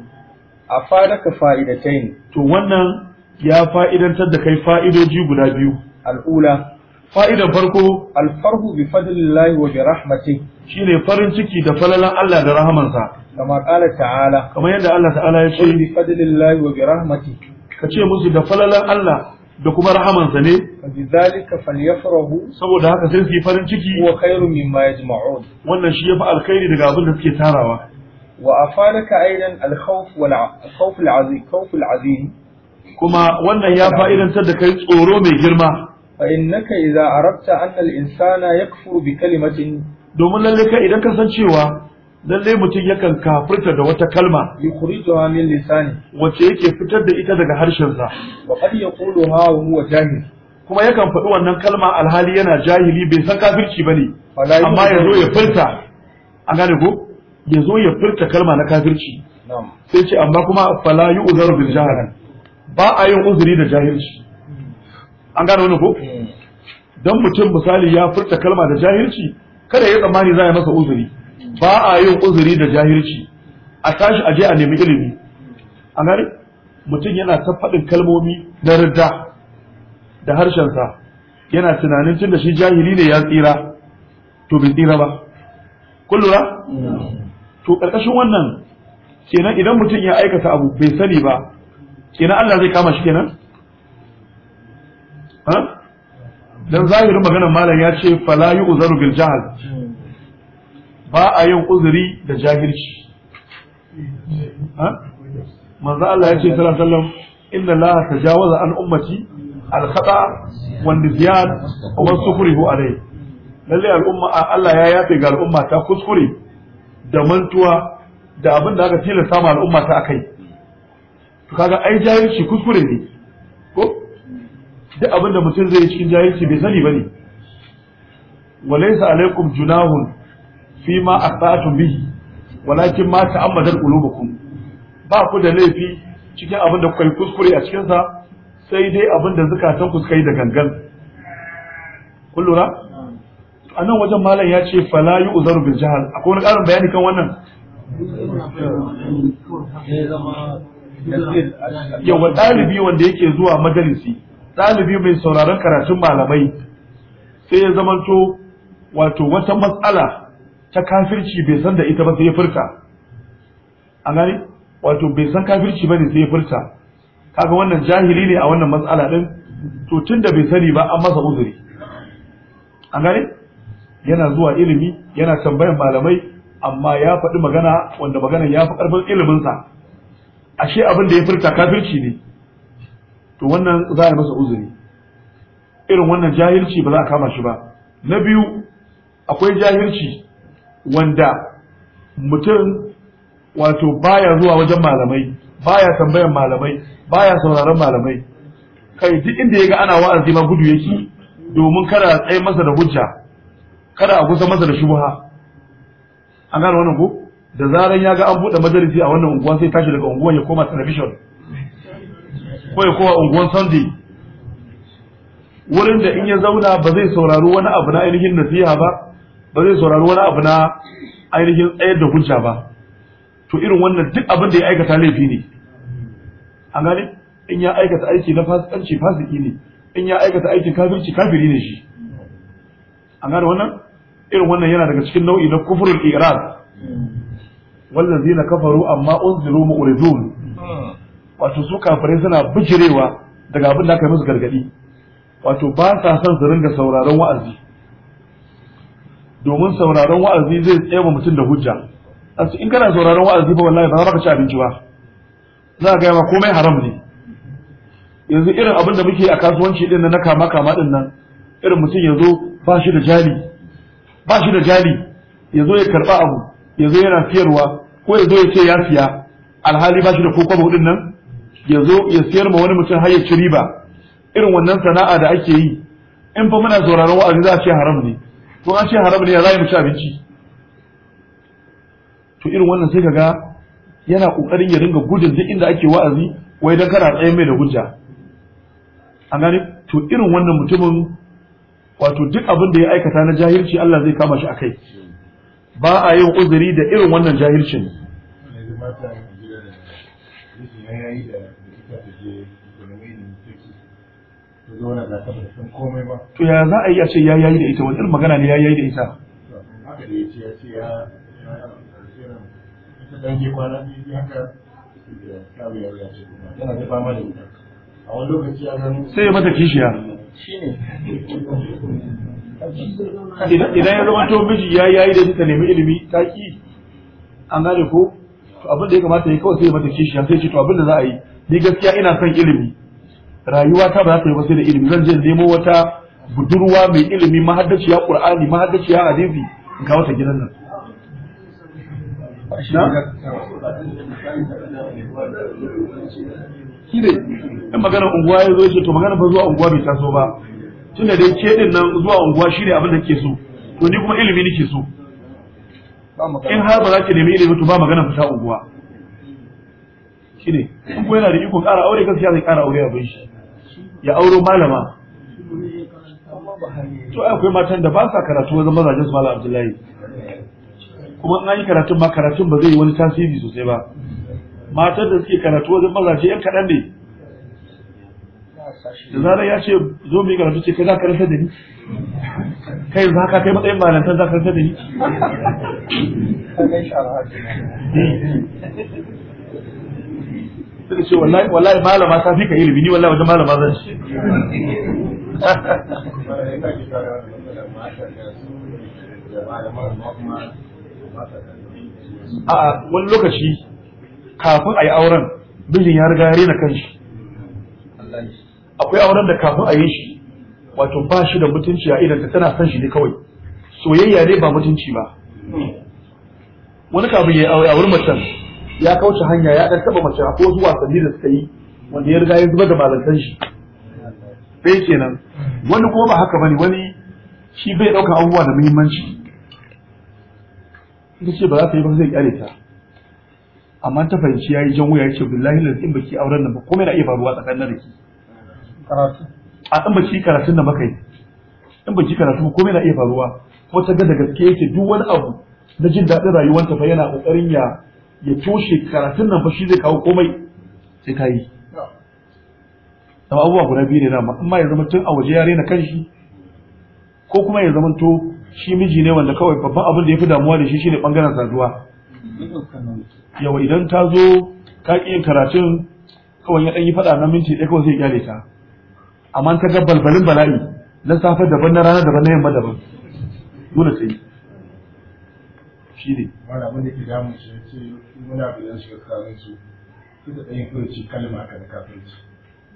a fadaka fa'idatain to wannan ya fa'idantar da kai fa'idoji guda biyu al'ula fa'idan farko alfarhu bi fadlillahi wa bi rahmati shine farin ciki da falalan Allah da rahamansa kama qala ta'ala kamar yadda Allah ta'ala ya ce bi fadlillahi wa bi rahmati ka ce musu da falalan Allah da kuma rahamansa ne bizalika falyafrahu saboda haka sai su yi farin ciki wa khairu mimma yajma'un wannan shi yafi alkhairi daga abin da suke tarawa wa afalaka aidan alkhawf wal khawf alazim khawf alazim kuma wannan ya fa'idantar da kai tsoro mai girma fa innaka idza arabta anna al-insana yakfuru bi kalimatin domin lalle ka idan ka san cewa lalle mutum yakan kafirta da wata kalma yukhrijuha min lisani wacce yake fitar da ita daga harshen sa? wa qad yaquluha wa huwa jahil kuma yakan faɗi wannan kalma alhali yana jahili bai san kafirci bane amma ya zo ya furta an gane ko ya zo ya furta kalma na kafirci sai ce amma kuma fala yu'zaru bil jahil ba a yin uzuri da jahilci an gane wannan ko hmm. dan mutum misali ya furta kalma da jahilci kada ya tsammani za a masa uzuri ba a yin uzuri da jahilci a tashi aje a nemi ilimi a gari mutum yana ta faɗin kalmomi na ridda da harshensa yana tunanin tun da shi jahili ne ya tsira to bai tsira ba kullura to ƙarƙashin wannan kenan idan mutum ya aikata abu bai sani ba kenan Allah zai kama shi kenan dan zahirin maganar malam ya ce fala yi uzaru, bil jahal ba a yin uzuri da jahilci manzo Allah ya ce sallallahu alaihi wasallam inna la tajawaza an ummati al khata wa nizyan wa sufrihu alai lalle Allah ya yafe ga al'umma ta kuskure da mantuwa da abin da aka tilasta ma al'ummata ta akai to kaga ai jahilci kuskure ne ko duk abin da mutum zai yi cikin jahilci bai sani bane walaysa alaikum junahun fi ma asatu bihi walakin ma amadar qulubukum ba ku da laifi cikin abin da kuka kuskure a cikin sa sai dai abin da zukatan ku da gangan kullura anan a wajen malam ya ce fala yu'zaru bil jahal akwai wani karin bayani kan wannan yawa dalibi wanda yake zuwa majalisi dalibi mai sauraron karatun malamai sai ya zamanto wato wata matsala ta kafirci bai san da ita ba sai ya furta an gani wato bai san kafirci ba ne sai ya furta kaga wannan jahili ne a wannan matsala din to tun da bai sani ba an masa uzuri an gani yana zuwa ilimi yana tambayan malamai amma ya faɗi magana wanda magana ya fi ƙarfin iliminsa ashe abin da ya furta kafirci ne to wannan za a masa uzuri irin wannan jahilci ba za a kama shi ba na biyu akwai jahilci wanda mutum wato baya zuwa wajen malamai baya tambayan malamai baya sauraron malamai kai duk inda yaga ana wa'azi ma gudu yake domin kada a tsaye masa da hujja kada a kusa masa da shubha an gane wannan ko da zaran ya ga an buɗe majalisi a wannan unguwa sai tashi daga unguwan ya koma television ko ya koma unguwan sunday wurin da in ya zauna ba zai saurari wani abu na ainihin nasiha ba ba zai saurari wani abu na ainihin tsayar da hujja ba to irin wannan duk abin da ya aikata laifi ne an gane in ya aikata aiki na fasikanci fasiki ne in ya aikata aikin kafirci kafiri ne shi an gane wannan irin wannan yana daga cikin nau'i na iran wannan zina kafaru amma unziru mu'ridun wato su kafirai suna bijirewa daga abin da aka yi musu gargadi wato ba sa son su ringa sauraron wa'azi domin sauraron wa'azi zai tsaye mutum da hujja asu in kana sauraron wa'azi ba wallahi ba za ka ci abinci ba za ka ma komai haram ne yanzu irin abin da muke a kasuwanci din na kama kama din nan irin mutum ya zo ba shi da jali ba ya zo ya karba abu ya zo yana siyarwa ko ya zo ya ce ya siya alhali ba shi da kokobo din nan ya zo ya siyar ma wani mutum har ya ci riba irin wannan sana'a da ake yi in fa muna sauraron wa'azi za a ce haram ne to an ce haram ne ya zai mu abinci to irin wannan sai kaga yana kokarin ya ringa gudun duk inda ake wa'azi wai dan kana tsaye mai da hujja an gani to irin wannan mutumin wato duk abin da ya aikata na jahilci Allah zai kama shi akai ba a yin uzuri da irin wannan jahilcin to ya za a yi a ce ya yayi da ita wani irin magana ne ya yayi da ita sai ya mata kishiya idan ya zama to miji ya yayi da ta nemi ilimi ta ki an gane ko to abin da ya kamata ya kawai sai ya mata kishiya sai ce to abin da za a yi ni gaskiya ina son ilimi rayuwa ta ba za ta yi ba sai da ilimi zan je nemo wata budurwa mai ilimi mahaddaciya qur'ani mahaddaciya hadisi in kawo ta gidan nan shi ne in magana unguwa ya zo ce to magana ba zuwa unguwa bai taso ba tunda dai ke din nan zuwa unguwa shi ne abin da ke so to ni kuma ilimi nake so in har ba za ki nemi ilimi to ba magana fita unguwa shi ne in ko yana da iko ƙara aure gaskiya zai ƙara aure bai shi ya auro malama to akwai matan da ba sa karatu wajen mazajen su malam abdullahi kuma an yi karatun ma karatun ba zai yi wani tasiri sosai ba matar da suke karatu wajen mazaje yan kaɗan ne da zarar ya ce zo mai karatu ce kai za ka karanta da ni kai za ka kai matsayin malantar za ka karanta da ni sai ce wallahi malama ta fi ka ilimi ni wallahi wajen malama zan shi a wani lokaci kafin a yi auren mijin ya riga ya kan shi akwai auren da kafin a yi shi wato ba shi da mutunci a idan tana son shi ne kawai soyayya ne ba mutunci ba wani kafin ya yi auri a mutum ya kauce hanya ya dan taba mace ko zuwa sabbi da suka yi wanda ya riga ya zuba da malantan shi ɗaya kenan wani kuma ba haka bane wani shi bai dauka abubuwa da muhimmanci ita ce ba za ta yi ba zai kyale ta amma ta fahimci ya yi jan wuya ya ce billahi lalzi in baki auren nan ba komai na iya faruwa tsakanin da ke a in baki karatun da makai, in baki karatu ba komai na iya faruwa kuma ta ga da gaske yake duk wani abu na jin daɗin rayuwarta fa yana ƙoƙarin ya ya toshe karatun nan ba shi zai kawo komai sai ka yi amma abubuwa guda biyu ne dama amma ya zama tun a waje ya rena kanshi ko kuma ya zama to shi miji ne wanda kawai babban abin da ya fi damuwa da shi shine bangaren saduwa yawa idan ta zo ka yin karatun kawai ya ɗan yi faɗa na minti ɗaya kawai zai gyale ta amma ta ga balbalin bala'i na safe daban na rana daban na yamma daban dole sai shi ne wani abin da ke damun shi ya ce wani shiga su su da ɗayan kawai kalma kan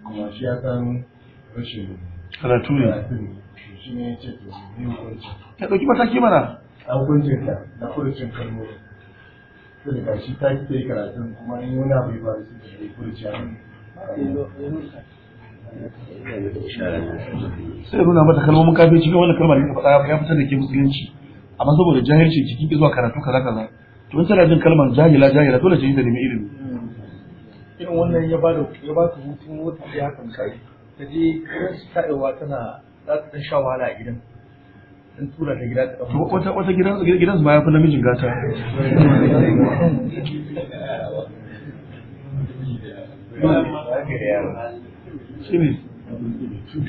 kuma shi ya san rashin karatu ne shi ne ya ce to ne hukunci ta ɗauki mataki mana a hukuncin ka na furucin kalmomi sai da gashi ta ta yi karatun kuma in da furuci a sai nuna mata kalmomin kafin cikin wani kalmar da faɗa ya fitar da ke musulunci amma saboda jahilci cikin ki zuwa karatu kaza kaza to in tana jin kalmar jahila jahila dole ce ta nemi ilimi irin wannan ya bada ya ba ta hutun wata ya kan kai ta je sa'ewa tana za ta dan sha wahala a gidan in tura ta gida ta wata wata gidan gidan su ya fi namijin gata shi ne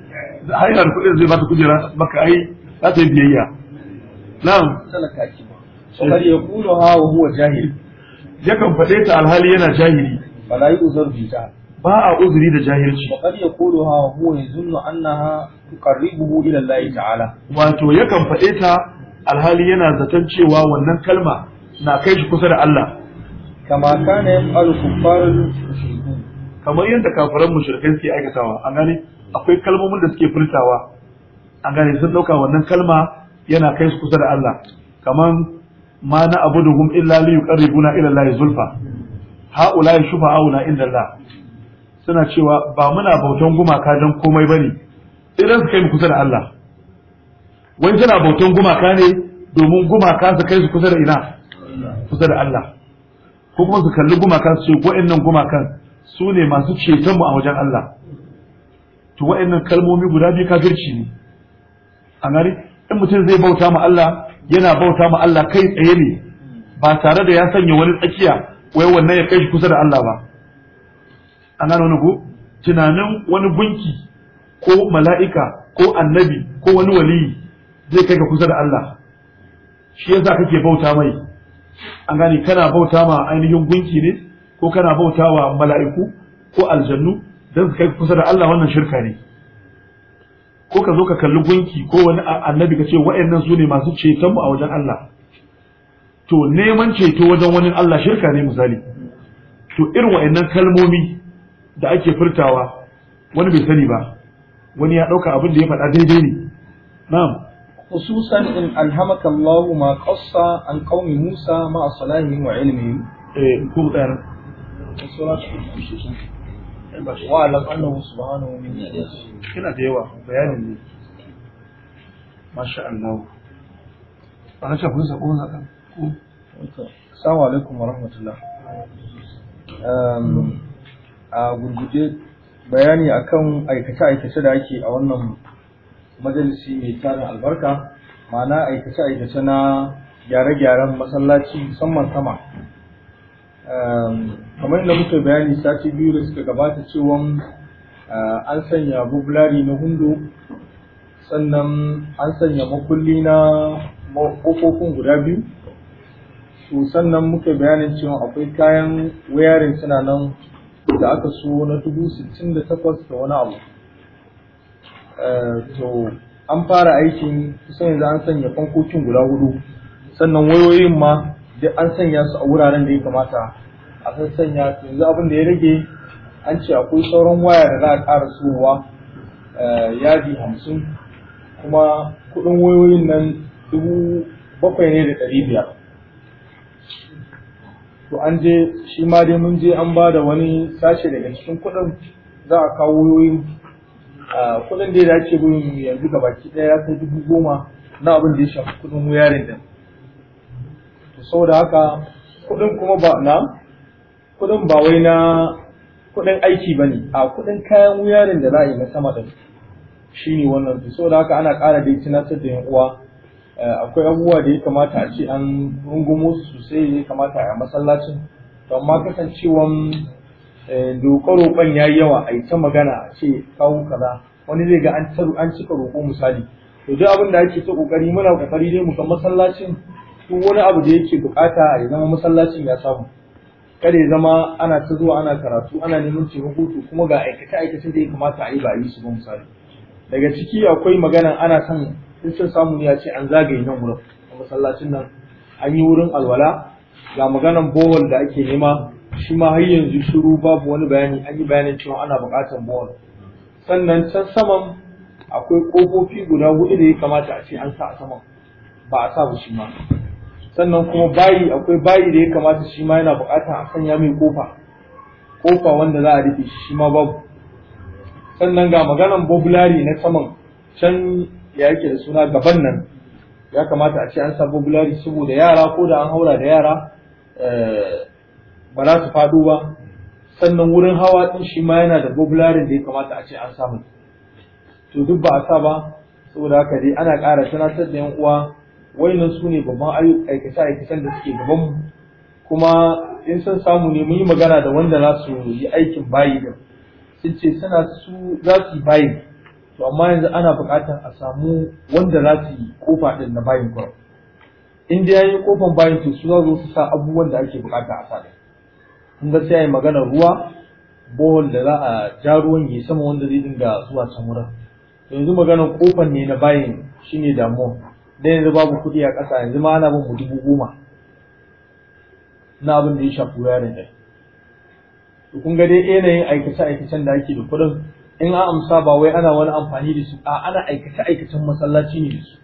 har yana kuɗin zai ba ta kujera baka ai za ta yi biyayya na'am talaka ki ba kamar ya kulu ha wa huwa jahil yakan faɗe ta alhali yana jahili fala yi uzur bi ta ba a uzuri da jahilci kamar ya kulu ha wa huwa yazunnu annaha tuqarribuhu ila Allah ta'ala wato yakan faɗe ta alhali yana zaton cewa wannan kalma na kai shi kusa da Allah kama kana yaf'alu kuffarul mushrikun kamar yadda kafiran mushrikai ke aikatawa an gane akwai kalmomin da suke furtawa a gane sun dauka wannan kalma yana kai su kusa da Allah kaman ma na abuduhum illa li yuqarribuna ila Allah zulfa shufa auna inda Allah suna cewa ba muna bautan gumaka dan komai bane idan su kai mu kusa da Allah wani tana bautan gumaka ne domin gumaka su kai su kusa da ina kusa da Allah ko kuma su kalli gumaka su ce wa'annan gumakan su ne masu ceton mu a wajen Allah to wa'annan kalmomi guda biyu kafirci ne a gani in mutum zai bauta ma Allah yana bauta ma Allah kai tsaye ne ba tare da ya sanya wani tsakiya wai wannan ya kai kusa da Allah ba an gari wani ku tunanin wani gunki ko mala'ika ko annabi ko wani waliyi zai kai ka kusa da Allah shi yasa kake bauta mai an gani kana bauta ma ainihin gunki ne ko kana bauta wa mala'iku ko aljannu don su kai kusa da Allah wannan shirka ne ko ka zo ka kalli gunki ko wani annabi ka ce wa'annan su ne masu ceton a wajen Allah to neman ceto wajen wani Allah shirka ne misali to irin wa'annan kalmomi da ake furtawa wani bai sani ba wani ya ɗauka abin da ya faɗa daidai ne na'am in alhamakallahu ma الله an قص Musa ma موسى wa صلاحهم wa alam annahu subhanahu min kina da yawa bayanin ne masha Allah ana ce kun sako na kan ku assalamu alaikum wa rahmatullah um, a gurguje bayani akan aikace-aikace da ake a wannan majalisi mai tarin albarka ma'ana aikace-aikace na gyare-gyaren masallaci musamman sama Ehm, kamar da muka bayani sati biyu da suka gabata cewa eh, an sanya bubulari na hundu sannan an sanya makulli na kofofin guda biyu to sannan muka bayanin cewa akwai kayan wayarin suna nan da aka so na dubu sittin da takwas da wani abu eh, to an fara aikin kusan yanzu an sanya fankokin guda hudu sannan wayoyin ma duk an sanya su a wuraren da ya kamata a san sanya su yanzu abin da ya rage an ce akwai sauran waya da za a ƙara sowa eh, yadi hamsin kuma kuɗin wayoyin nan dubu bakwai ne da ɗari biyar to an je shi ma dai mun je an ba da wani sashe daga cikin kuɗin za a kawo wayoyin ah, kuɗin da ya dace yanzu gabaki ɗaya ya kai dubu goma na abin da ya shafi kuɗin wayarin da. saboda haka kuɗin kuma ba na kuɗin ba wai na kuɗin aiki ba ne a kuɗin kayan wuyarin da za a yi na sama da shi ne wannan to saboda haka ana ƙara dai tunatar da yan uwa eh, akwai abubuwa da ya kamata a ce an rungumo su sosai ya kamata a masallacin to amma kasancewan eh, dokar roƙon ya yi yawa a yi ta magana a ce kawo kaza wani zai ga an cika roƙo misali to duk abin da ake ta ƙoƙari muna ƙoƙari dai mu ga masallacin duk wani abu da yake bukata ya zama masallacin ya samu kada ya zama ana ta zuwa ana karatu ana neman taimako hukutu kuma ga aikace aikace da ya kamata a yi ba a yi su ba misali daga ciki akwai magana ana son in sun samu ne ya ce an zagaye nan wurin a masallacin nan an yi wurin alwala ga maganan bowl da ake nema shi ma har yanzu shiru babu wani bayani an yi bayanin cewa ana bukatar bowl sannan can saman akwai kofofi guda hudu da ya kamata a ce an sa a saman ba a sa ba shi ma sannan kuma bayi akwai bayi da ya kamata shi ma yana bukata a sanya mai kofa kofa wanda za a rufe shi shi ma babu sannan ga maganan bobulari na saman can ya yake da suna gaban nan ya kamata a ce an sa bobulari saboda yara ko da an haura da yara eh, ba za su faɗo ba sannan wurin hawa ɗin shi ma yana da bobularin da ya kamata a ce an samu to duk ba a sa ba saboda haka dai ana ƙara sanatar da yan uwa wayannan su ne babban aikace-aikacen da suke mu? kuma in sun samu ne mun yi magana da wanda za su yi aikin bayi da sun ce suna su za su yi bayi to amma yanzu ana buƙatar a samu wanda za su yi kofa ɗin na bayin kawai in dai yi kofan bayin to su za su sa abubuwan da ake buƙata a sada in ga sai yi maganar ruwa bohol da za a ja ruwan ya sama wanda zai dinga zuwa can yanzu maganar kofan ne na bayin shine damuwa dan yanzu babu kuɗi a ƙasa yanzu ma ana bin mu dubu goma na abin da ya shafi da dai to kun ga dai yanayin aikace aikacen da ake da kuɗin in an amsa ba wai ana wani amfani da su a ana aikace aikacen masallaci ne da su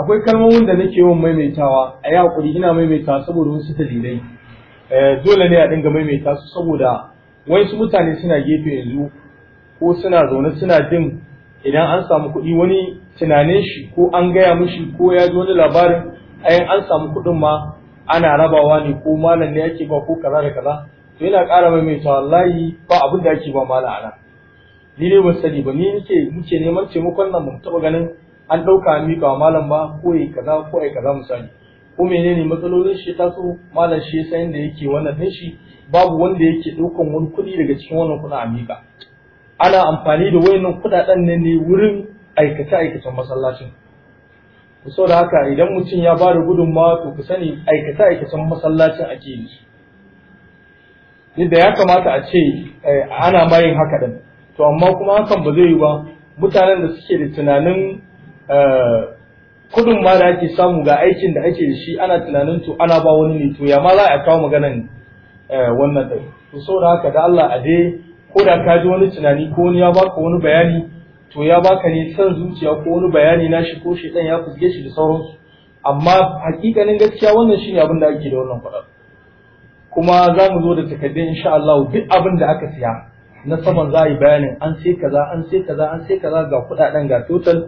akwai kalmomin da nake yawan maimaitawa a yi hakuri ina maimaitawa saboda wasu dalilai eh, dole ne a dinga maimaita su saboda wasu mutane suna gefe yanzu ko suna zaune suna jin idan an samu kuɗi wani tunanin shi ko an gaya mushi ko ya ji wani labarin ayin an samu kuɗin ma ana rabawa ne ko malam ne ake ba ko kaza da kaza to yana ƙara mai mai wallahi ba abin da ake ba malam ana ni dai ban sani ba ni nake muke neman taimakon nan mun taɓa ganin an ɗauka an miƙa wa malam ba ko yi kaza ko yi kaza misali ko menene matsalolin shi ta so malam shi ya san yadda yake wannan ɗin shi babu wanda yake ɗaukan wani kuɗi daga cikin wannan kuɗin amika. ana amfani da wayannan kudaden ne ne wurin aikace aikacen masallacin so da haka idan mutum ya ba da gudunmawa to ku sani aikace aikacen masallacin ake yi yadda ya kamata a ce eh, ana mayin haka din to amma kuma hakan ba zai yi ba mutanen da suke da tunanin eh, kudin ma da ake samu ga aikin da ake da shi ana tunanin to ana ba wani ne to ya ma za a kawo maganan eh, wannan ɗin to saboda haka da Allah a dai ko da ka ji wani tunani ko wani ya baka wani bayani to ya baka ne son zuciya ko wani bayani na shi ko dan ya fuske shi da sauransu amma hakikanin gaskiya wannan shine abin da ake da wannan faɗa kuma za mu zo da takaddun insha Allah duk abin da aka siya na saman za a yi bayanin an sai kaza an sai kaza an sai kaza ga kuɗaɗen ga total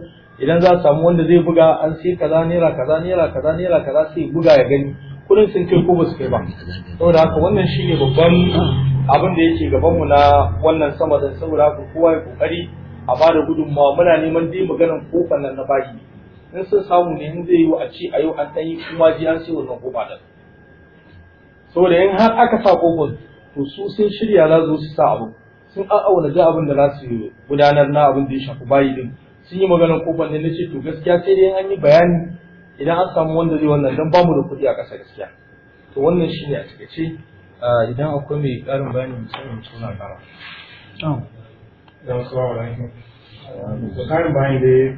idan za a samu wanda zai buga an sai kaza naira kaza naira kaza naira kaza sai buga ya gani kudin sun kai ko ba su kai ba saboda haka wannan shi ne babban abin da yake gaban mu na wannan sama da saboda haka kowa ya kokari a ba da gudunmawa muna neman dai maganar kofar nan na bashi in sun samu ne in zai yi a ce a yau an ɗan yi kuma ji an sai wannan kofa da saboda in har aka sa kofar to su sun shirya za su su sa abu sun auna da abin da za su gudanar na abin da ya shafi bayi din sun yi maganar kofar ne na ce to gaskiya sai dai an yi bayani idan an samu wanda zai wannan dan bamu da kuɗi a ƙasa gaskiya to wannan shine a ce ah, idan akwai mai ƙarin bayani musamman suna kama da wasu wa wani ah, to ƙarin bayani dai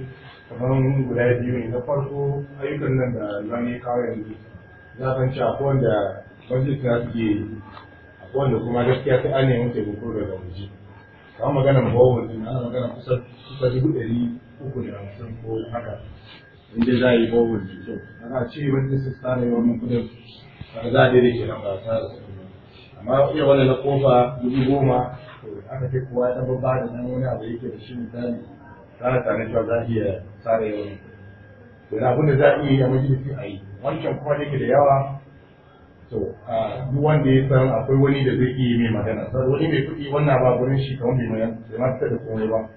kamar guda biyu ne na farko ayyukan nan da zane kawai yanzu za kan ci akwai wanda wajen ta suke akwai wanda kuma gaskiya sai an nemi taimako daga waje kamar maganar bawon wajen ana maganar kusa kusa dubu ɗari uku da hamsin ko haka inda za a yi bohol jikin kyau ana ce wanda su tsara yi wannan kudin ba za a dire ke nan ba ta amma iya wannan na kofa dubu goma aka ce kowa ya ɗan ba da nan wani abu yake da shi misali tsara tare cewa za a iya tsara yi wannan kudin abin da za a iya yi a majalisi a yi wancan kuma da ke da yawa to a duk wanda ya san akwai wani da zai iya mai magana sai wani mai kuɗi wannan ba gurin shi kamar bai mai ma fitar da komai ba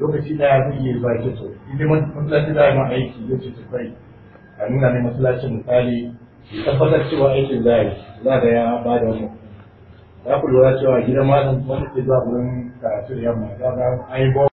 lokaci daya zai iya zuwa ke so idan masallaci da ma aiki ya ce tafai a nuna ne masallacin misali tabbatar cewa aikin zai yi za da ya ba da mu Ya ku lura cewa gidan malam wani ke zuwa wurin karatu da yamma ga a yi